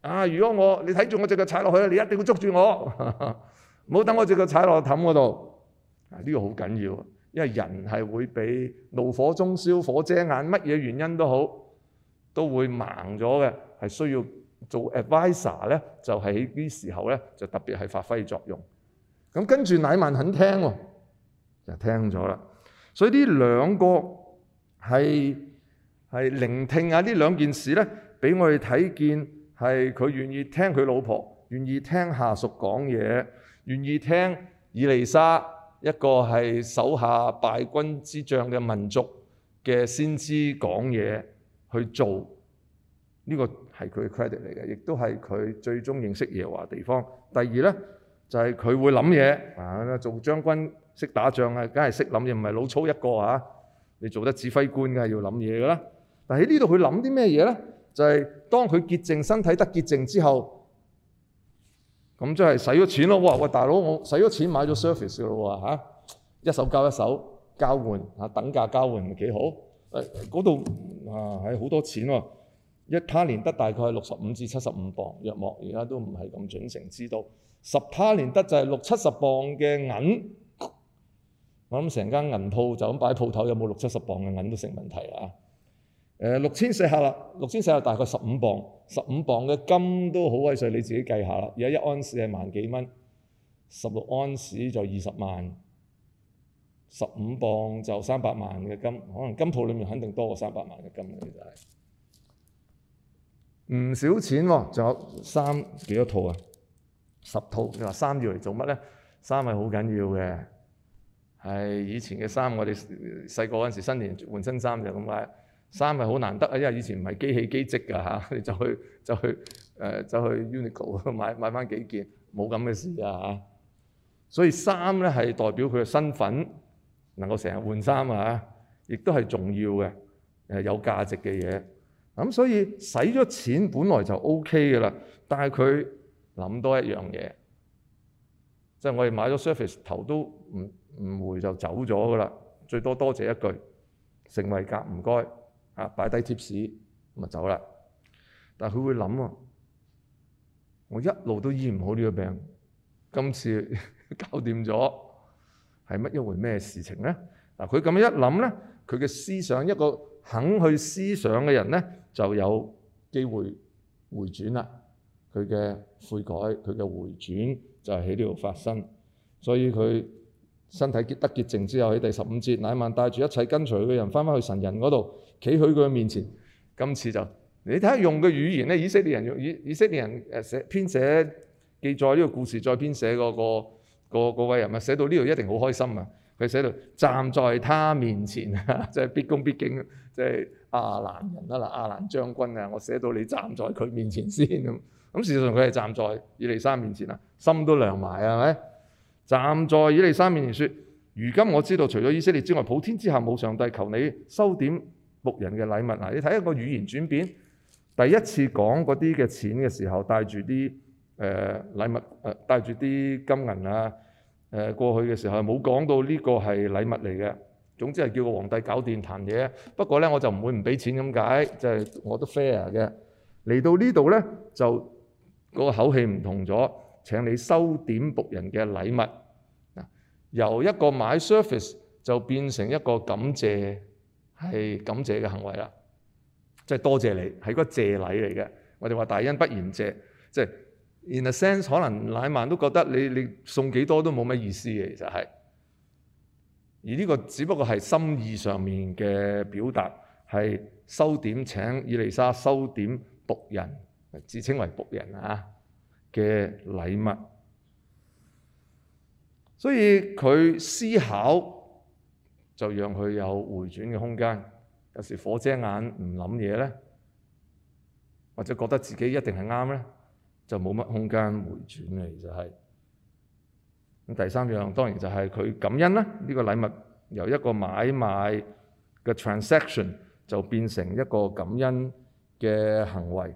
啊。如果我你睇住我隻腳踩落去，你一定要捉住我，唔好等我隻腳踩落去氹嗰度。啊，呢個好緊要，因為人係會俾怒火中燒、火遮眼，乜嘢原因都好，都會盲咗嘅，係需要。做 advisor 咧，就喺呢時候咧，就特別係發揮作用。咁跟住乃曼肯聽，就聽咗啦。所以呢兩個係係聆聽下呢兩件事咧，俾我哋睇見，係佢願意聽佢老婆，願意聽下屬講嘢，願意聽以利沙一個係手下敗軍之將嘅民族嘅先知講嘢去做。呢個係佢嘅 credit 嚟嘅，亦都係佢最終認識耶和華嘅地方。第二咧就係、是、佢會諗嘢啊！做將軍識打仗啊，梗係識諗嘢，唔係老粗一個嚇、啊。你做得指揮官梗係要諗嘢噶啦。但喺呢度佢諗啲咩嘢咧？就係、是、當佢潔淨身體得潔淨之後，咁即係使咗錢咯。哇！喂，大佬，我使咗錢買咗 service 㗎啦喎嚇，一手交一手交換嚇，等價交換幾好。誒，嗰度啊，係、哎、好多錢喎。一他連得大概六十五至七十五磅，約莫而家都唔係咁準成。知道。十他連得就係六七十磅嘅銀，我諗成間銀鋪就咁擺喺鋪頭，有冇六七十磅嘅銀都成問題啊！誒，六千四克啦，六千四克大概十五磅，十五磅嘅金都好威水，你自己計下啦。而家一安士係萬幾蚊，十六安士就二十萬，十五磅就三百萬嘅金，可能金鋪裡面肯定多過三百萬嘅金嚟嘅。唔少錢喎、啊，仲有衫幾多少套啊？十套。你話衫要嚟做乜呢？衫係好緊要嘅，係以前嘅衫，我哋細個嗰陣時，新年換新衫就咁解。衫係好難得啊，因為以前唔係機器機織㗎嚇，你就去就去誒，走去 Uniqlo 買買返幾件，冇咁嘅事啊，所以衫呢係代表佢嘅身份，能夠成日換衫啊，亦都係重要嘅，有價值嘅嘢。咁所以使咗錢本來就 OK 嘅啦，但係佢諗多一樣嘢，即係我哋買咗 service 頭都唔唔回就走咗噶啦，最多多謝一句，成為甲唔該啊，擺低 tips 咁啊走啦。但係佢會諗啊，我一路都醫唔好呢個病，今次 搞掂咗係乜一回事情咧？嗱，佢咁樣一諗咧，佢嘅思想一個。肯去思想嘅人呢，就有機會回轉啦。佢嘅悔改、佢嘅回轉就係喺呢度發生。所以佢身體潔得潔淨之後，喺第十五節，乃曼帶住一切跟隨佢嘅人翻返去神人嗰度，企喺佢嘅面前。今次就你睇下用嘅語言呢，以色列人用以以色列人誒寫編寫記載呢個故事，再編寫嗰個、嗰個、嗰位、嗰個、人啊，寫到呢度一定好開心啊！佢寫到站在他面前，即係必恭必敬，即係阿蘭人啦，嗱阿蘭將軍啊，我寫到你站在佢面前先咁。咁事實上佢係站在以利沙面前啦，心都涼埋係咪？站在以利沙面前說：如今我知道，除咗以色列之外，普天之下冇上帝，求你收點牧人嘅禮物。嗱，你睇下個語言轉變，第一次講嗰啲嘅錢嘅時候帶，帶住啲誒禮物，誒帶住啲金銀啊。誒過去嘅時候冇講到呢個係禮物嚟嘅，總之係叫個皇帝搞掂談嘢。不過咧我就唔會唔俾錢咁解，即係我都 fair 嘅。嚟到呢度咧就個口氣唔同咗，請你收點僕人嘅禮物。由一個買 service 就變成一個感謝係感謝嘅行為啦，即係多謝你係個謝禮嚟嘅。我哋話大恩不言謝，即係。然後 send 可能乃縵都覺得你，你送幾多都冇乜意思嘅，其實係而呢個只不過係心意上面嘅表達，係收點請以利沙收點僕人，自稱為僕人啊，嘅禮物。所以佢思考就讓佢有回轉嘅空間。有時火遮眼唔諗嘢呢，或者覺得自己一定係啱呢，就冇乜空間回轉嘅，其實係咁。第三樣當然就係佢感恩啦。呢個禮物由一個買賣嘅 transaction 就變成一個感恩嘅行為。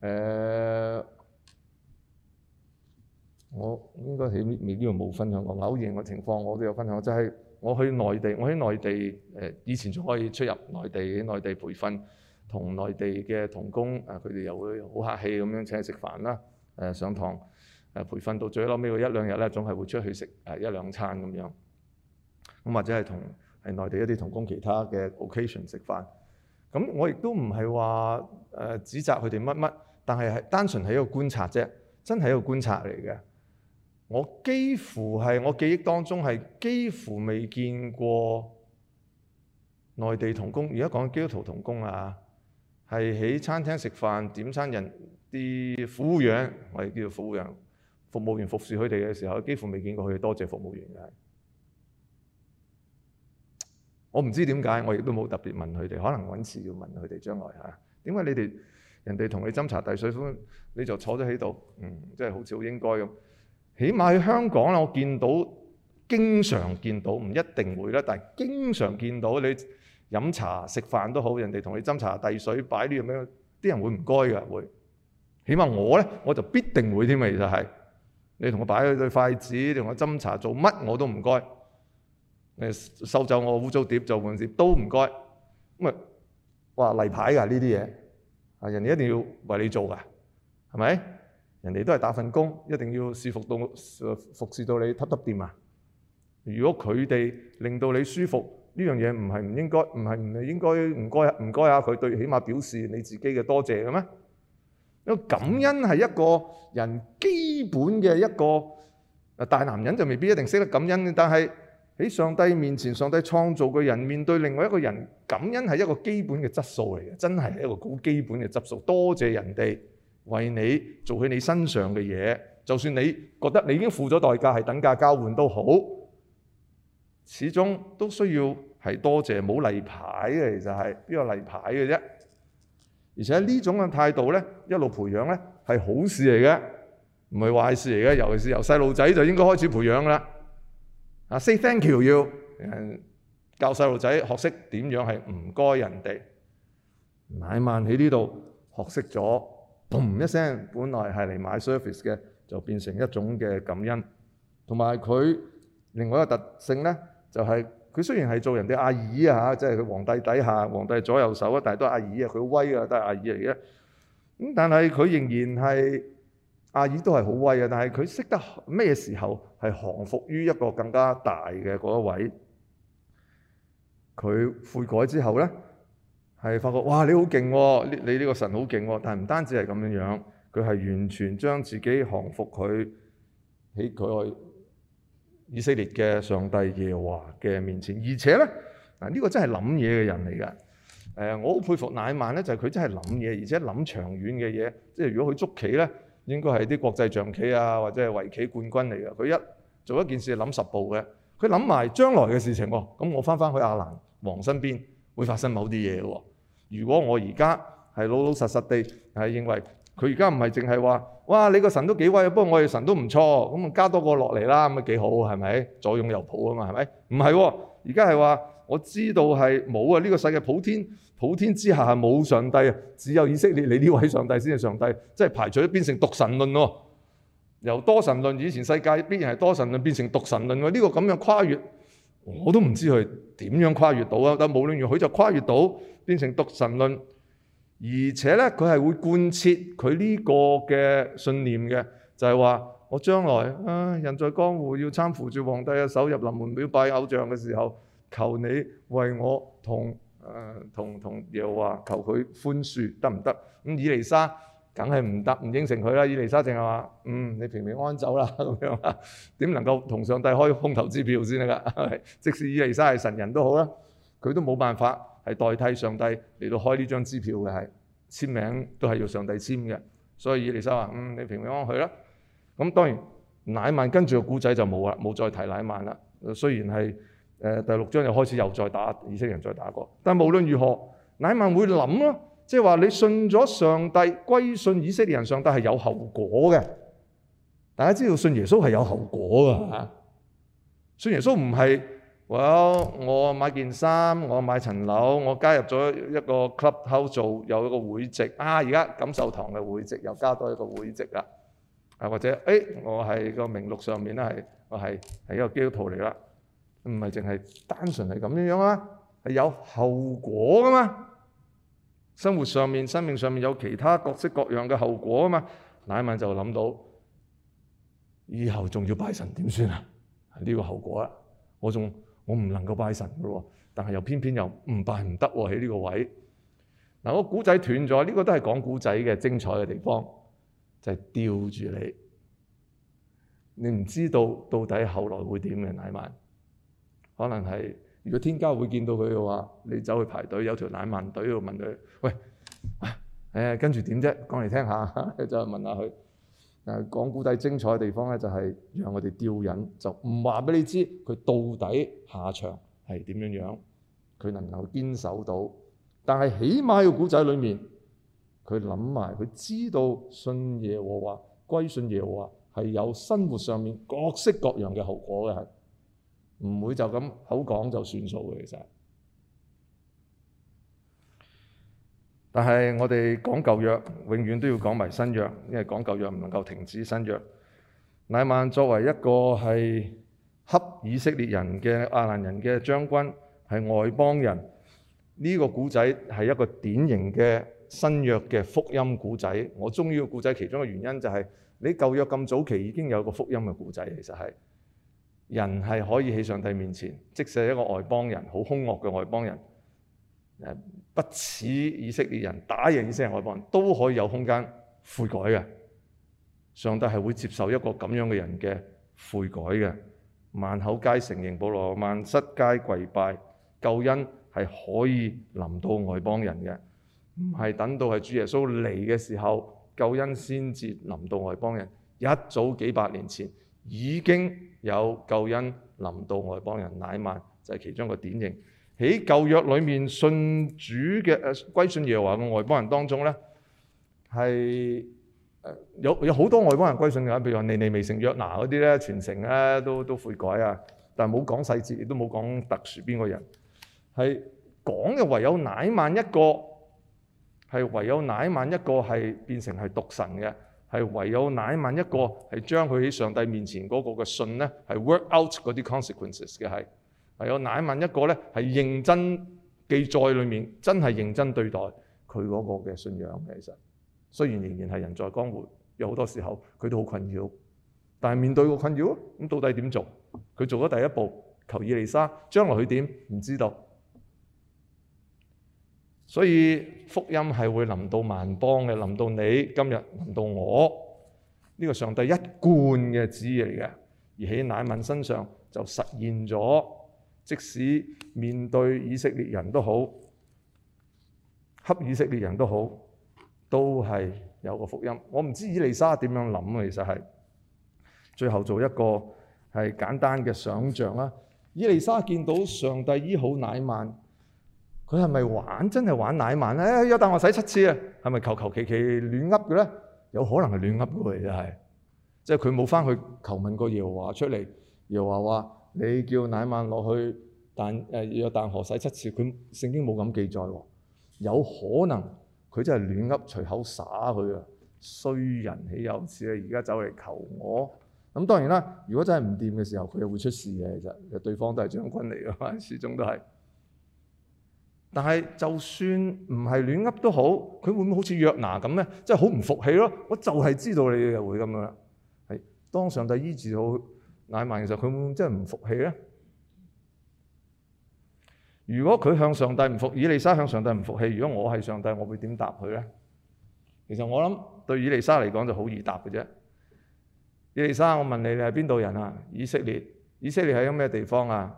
誒，我應該喺呢邊呢度冇分享過。偶然嘅情況，我都有分享，就係我去內地，我喺內地誒，以前仲可以出入內地，喺內地培訓。同內地嘅同工啊，佢哋又會好客氣咁樣請食飯啦，誒上堂誒培訓到最撈尾嗰一兩日咧，總係會出去食誒一兩餐咁樣，咁或者係同係內地一啲同工其他嘅 occasion 食飯。咁我亦都唔係話誒指責佢哋乜乜，但係係單純係一個觀察啫，真係一個觀察嚟嘅。我幾乎係我記憶當中係幾乎未見過內地同工，而家講基督徒同工啊。係喺餐廳食飯，點餐人啲服務員，我哋叫做服務員，服務員服侍佢哋嘅時候，幾乎未見過佢哋多謝服務員嘅。我唔知點解，我亦都冇特別問佢哋，可能揾次要問佢哋將來、啊、為點解你哋人哋同你斟茶遞水，你就坐咗喺度，嗯，真係好似好應該咁。起碼喺香港，我見到，經常見到，唔一定會啦，但係經常見到你。飲茶食飯都好，人哋同你斟茶遞水擺呢樣嘢，啲人會唔該嘅，會。起碼我咧，我就必定會添啊！其實係你同我擺對筷子，同我斟茶做乜我都唔該。誒收走我污糟碟做換碟都唔該。咁啊話例牌㗎呢啲嘢啊，人哋一定要為你做㗎，係咪？人哋都係打份工，一定要侍服到服侍到你揼揼掂啊！如果佢哋令到你舒服。呢樣嘢唔係唔應該，唔係唔應該，唔該唔該下佢，對，起碼表示你自己嘅多謝嘅咩？因為感恩係一個人基本嘅一個，大男人就未必一定識得感恩，但係喺上帝面前，上帝創造嘅人面對另外一個人，感恩係一個基本嘅質素嚟嘅，真係一個好基本嘅質素。多謝人哋為你做喺你身上嘅嘢，就算你覺得你已經付咗代價，係等價交換都好，始終都需要。係多謝冇例牌嘅，其實係邊個例牌嘅啫？而且呢種嘅態度咧，一路培養咧係好事嚟嘅，唔係壞事嚟嘅。尤其是由細路仔就應該開始培養啦。啊，say thank you 要教細路仔學識點樣係唔該人哋，乃縵喺呢度學識咗，嘣一聲，本來係嚟買 service 嘅就變成一種嘅感恩。同埋佢另外一個特性咧，就係。佢雖然係做人哋阿二啊嚇，即係佢皇帝底下，皇帝左右手啊，但係都係阿二啊，佢威啊，都係阿二嚟嘅。咁但係佢仍然係阿二都係好威啊，但係佢識得咩時候係降服於一個更加大嘅嗰一位。佢悔改之後咧，係發覺哇你好勁喎，你呢個神好勁喎，但係唔單止係咁樣樣，佢係完全將自己降服佢，起佢去。以色列嘅上帝耶和華嘅面前，而且咧，嗱、這、呢個真係諗嘢嘅人嚟㗎。誒，我好佩服乃曼咧，就係佢真係諗嘢，而且諗長遠嘅嘢。即係如果佢捉棋咧，應該係啲國際象棋啊或者係圍棋冠軍嚟㗎。佢一做一件事係諗十步嘅，佢諗埋將來嘅事情喎。咁我翻翻去亞蘭王身邊會發生某啲嘢㗎。如果我而家係老老實實地係認為。佢而家唔係淨係話，哇！你個神都幾威，不過我哋神都唔錯，咁啊加多個落嚟啦，咁啊幾好，係咪？左擁右抱啊嘛，係咪？唔係，而家係話，我知道係冇啊！呢個世界普天普天之下係冇上帝，只有以色列你呢位上帝先係上帝，即係排除咗變成獨神論喎。由多神論以前世界必然係多神論變成獨神論喎，呢個咁樣跨越，我都唔知佢點樣跨越到啊！但無論如何，佢就跨越到變成獨神論。而且呢，佢係會貫徹佢呢個嘅信念嘅，就係話我將來啊人在江湖要參扶住皇帝嘅手入臨門廟拜偶像嘅時候，求你為我同同同又話求佢寬恕得唔得？以利沙梗係唔得，唔應承佢啦。以利沙淨係話：嗯，你平平安安走啦咁樣。點能夠同上帝開空頭支票先得㗎？ 即使以利沙係神人也好他都好啦，佢都冇辦法。係代替上帝嚟到開呢張支票嘅，係簽名都係要上帝簽嘅。所以以利沙話：嗯，你平平安安去啦。咁當然，乃曼跟住個古仔就冇啦，冇再提乃曼啦。雖然係誒第六章又開始又再打以色列人，再打過。但無論如何，乃曼會諗咯，即係話你信咗上帝，歸信以色列人，上帝係有後果嘅。大家知道信耶穌係有後果㗎嚇、啊，信耶穌唔係。哇、well！我買件衫，我買層樓，我加入咗一個 club house，做有一個會籍。啊！而家錦繡堂嘅會籍又加多一個會籍啦。啊，或者誒、哎，我係個名錄上面咧，係我係係一個基督徒嚟啦。唔係淨係單純係咁樣樣啊，係有後果噶嘛。生活上面、生命上面有其他各式各樣嘅後果啊嘛。乃縵就諗到以後仲要拜神點算啊？呢個後果啊，我仲～我唔能夠拜神，但係又偏偏又唔拜唔得喎，喺呢個位。嗱、那個，我故仔斷咗，呢個都係講故仔嘅精彩嘅地方，就係、是、吊住你。你唔知道到底後來會點嘅乃縵，可能係如果天家會見到佢嘅話，你走去排隊有條乃縵隊度問佢，喂，誒、哎、跟住點啫？講嚟聽下，就問下佢。但係講古仔精彩嘅地方咧，就係讓我哋吊癮，就唔話俾你知佢到底下場係點樣樣，佢 能夠堅守到。但係起碼喺個古仔裡面，佢諗埋佢知道信耶和華、歸信耶和華係有生活上面各式各樣嘅後果嘅，係唔會就咁口講就算數嘅，其實。但係我哋講舊約，永遠都要講埋新約，因為講舊約唔能夠停止新約。乃曼作為一個係黑以色列人嘅亞蘭人嘅將軍，係外邦人。呢個故仔係一個典型嘅新約嘅福音故仔。我中意個故仔其中嘅原因就係你舊約咁早期已經有個福音嘅故仔，其實係人係可以喺上帝面前，即使係一個外邦人，好兇惡嘅外邦人，誒。不似以色列人打贏以色列人外邦人都可以有空間悔改嘅，上帝係會接受一個咁樣嘅人嘅悔改嘅。萬口皆承認，保羅萬膝皆跪拜，救恩係可以臨到外邦人嘅，唔係等到係主耶穌嚟嘅時候，救恩先至臨到外邦人。一早幾百年前已經有救恩臨到外邦人，乃曼就係、是、其中一個典型。喺舊約裏面信主嘅，誒，歸信耶和華嘅外邦人當中咧，係，誒，有有好多外邦人歸信嘅。譬如話尼尼微城約拿嗰啲咧，全城咧都都悔改啊，但係冇講細節，亦都冇講特殊邊個人。係講嘅唯有乃曼一個，係唯有乃曼一個係變成係獨神嘅，係唯有乃曼一個係將佢喺上帝面前嗰個嘅信咧，係 work out 嗰啲 consequences 嘅係。係有乃文一個咧，係認真記載裏面，真係認真對待佢嗰個嘅信仰嘅。其實雖然仍然係人在江湖，有好多時候佢都好困擾，但係面對個困擾，咁到底點做？佢做咗第一步，求以利沙將來佢點？唔知道。所以福音係會臨到萬邦嘅，臨到你今日，臨到我呢個上帝一貫嘅旨意嚟嘅，而喺乃文身上就實現咗。即使面對以色列人都好，恰以色列人都好，都係有個福音。我唔知以利沙點樣諗啊？其實係最後做一個係簡單嘅想像啦。以利沙見到上帝醫好乃曼，佢係咪玩？真係玩乃曼咧、哎？有大河洗七次啊？係咪求求其其亂噏嘅咧？有可能係亂噏嘅，其實係，即係佢冇翻去求問過耶和華出嚟，耶和華話。你叫乃縵落去，但誒又、呃、約旦河洗七次？佢聖經冇咁記載喎，有可能佢真係亂噏隨口耍佢啊！衰人起有事啊！而家走嚟求我，咁當然啦。如果真係唔掂嘅時候，佢又會出事嘅。其實，對方都係將軍嚟嘅嘛，始終都係。但係就算唔係亂噏都好，佢會唔會好似約拿咁咧？真係好唔服氣咯！我就係知道你又會咁樣。係當上帝醫治好。乃曼其實佢會唔會真係唔服氣咧？如果佢向上帝唔服，以利沙向上帝唔服氣。如果我係上帝，我會點答佢咧？其實我諗對以利沙嚟講就好易答嘅啫。以利沙，我問你，你係邊度人啊？以色列，以色列係喺咩地方啊？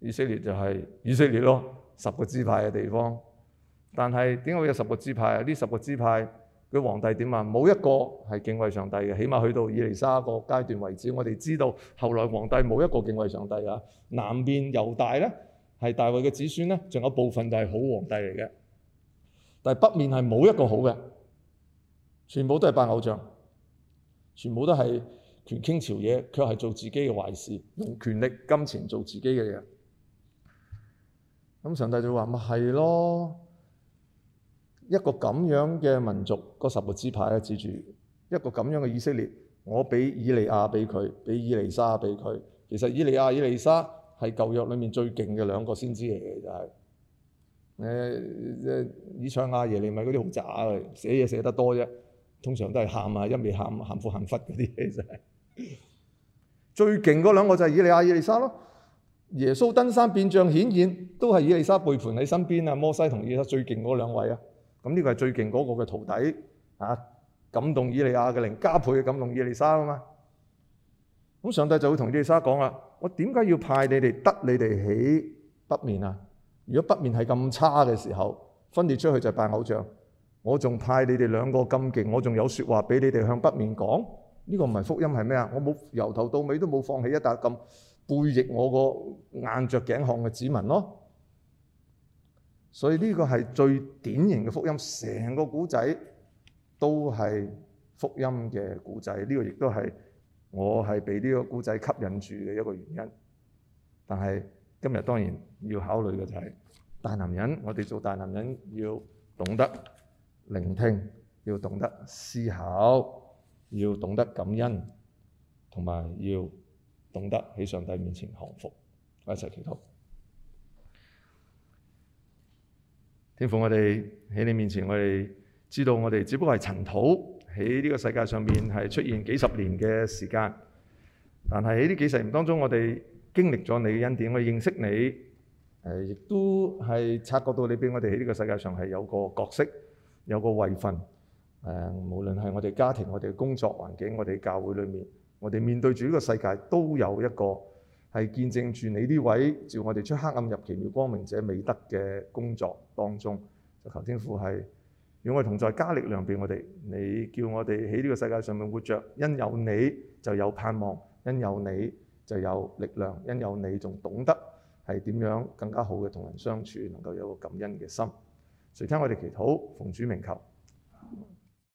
以色列就係以色列咯，十個支派嘅地方。但係點解會有十個支派啊？呢十個支派。佢皇帝點啊？冇一個係敬畏上帝嘅，起碼去到以利沙個階段為止。我哋知道後來皇帝冇一個敬畏上帝啊。南面猶大咧，係大衛嘅子孫咧，仲有部分就係好皇帝嚟嘅。但係北面係冇一個好嘅，全部都係拜偶像，全部都係權傾朝野，卻係做自己嘅壞事，用權力、金錢做自己嘅嘢。咁上帝就話，咪係咯。一個咁樣嘅民族，嗰十個支派，咧指住一個咁樣嘅以色列，我俾以利亞俾佢，俾以利沙俾佢。其實以利亞、以利沙係舊約裡面最勁嘅兩個先知嚟嘅，就係誒誒以唱亞耶利米嗰啲好渣嚟，寫嘢寫得多啫。通常都係喊啊，一味喊喊苦喊忽嗰啲，其真係最勁嗰兩個就係以利亞、以利沙咯。耶穌登山變像顯現都係以利沙背叛喺身邊啊，摩西同以利沙最勁嗰兩位啊！咁呢個係最勁嗰個嘅徒弟嚇，感動以利亞嘅靈加倍嘅感動以利沙啊嘛。咁上帝就會同以利沙講啦：我點解要派你哋得你哋喺北面啊？如果北面係咁差嘅時候，分裂出去就拜偶像，我仲派你哋兩個咁勁，我仲有説話俾你哋向北面講？呢個唔係福音係咩啊？我冇由頭到尾都冇放棄一打咁背逆我個硬著頸項嘅子民咯。所以呢個係最典型嘅福音，成個古仔都係福音嘅古仔。呢個亦都係我係被呢個古仔吸引住嘅一個原因。但係今日當然要考慮嘅就係大男人，我哋做大男人要懂得聆聽，要懂得思考，要懂得感恩，同埋要懂得喺上帝面前降服。一齊祈禱。天父，我哋喺你面前，我哋知道我哋只不過係塵土，喺呢個世界上面係出現幾十年嘅時間，但係喺呢幾十年當中，我哋經歷咗你嘅恩典，我認識你，誒亦都係察覺到你俾我哋喺呢個世界上係有個角色，有個位份。誒，無論係我哋家庭、我哋嘅工作環境、我哋教會裡面，我哋面對住呢個世界都有一個。係見證住你呢位照我哋出黑暗入奇妙光明者美德嘅工作當中，就求天父係與我哋同在，加力量俾我哋。你叫我哋喺呢個世界上面活着，因有你就有盼望，因有你就有力量，因有你仲懂得係點樣更加好嘅同人相處，能夠有個感恩嘅心。垂聽我哋祈禱，奉主名求。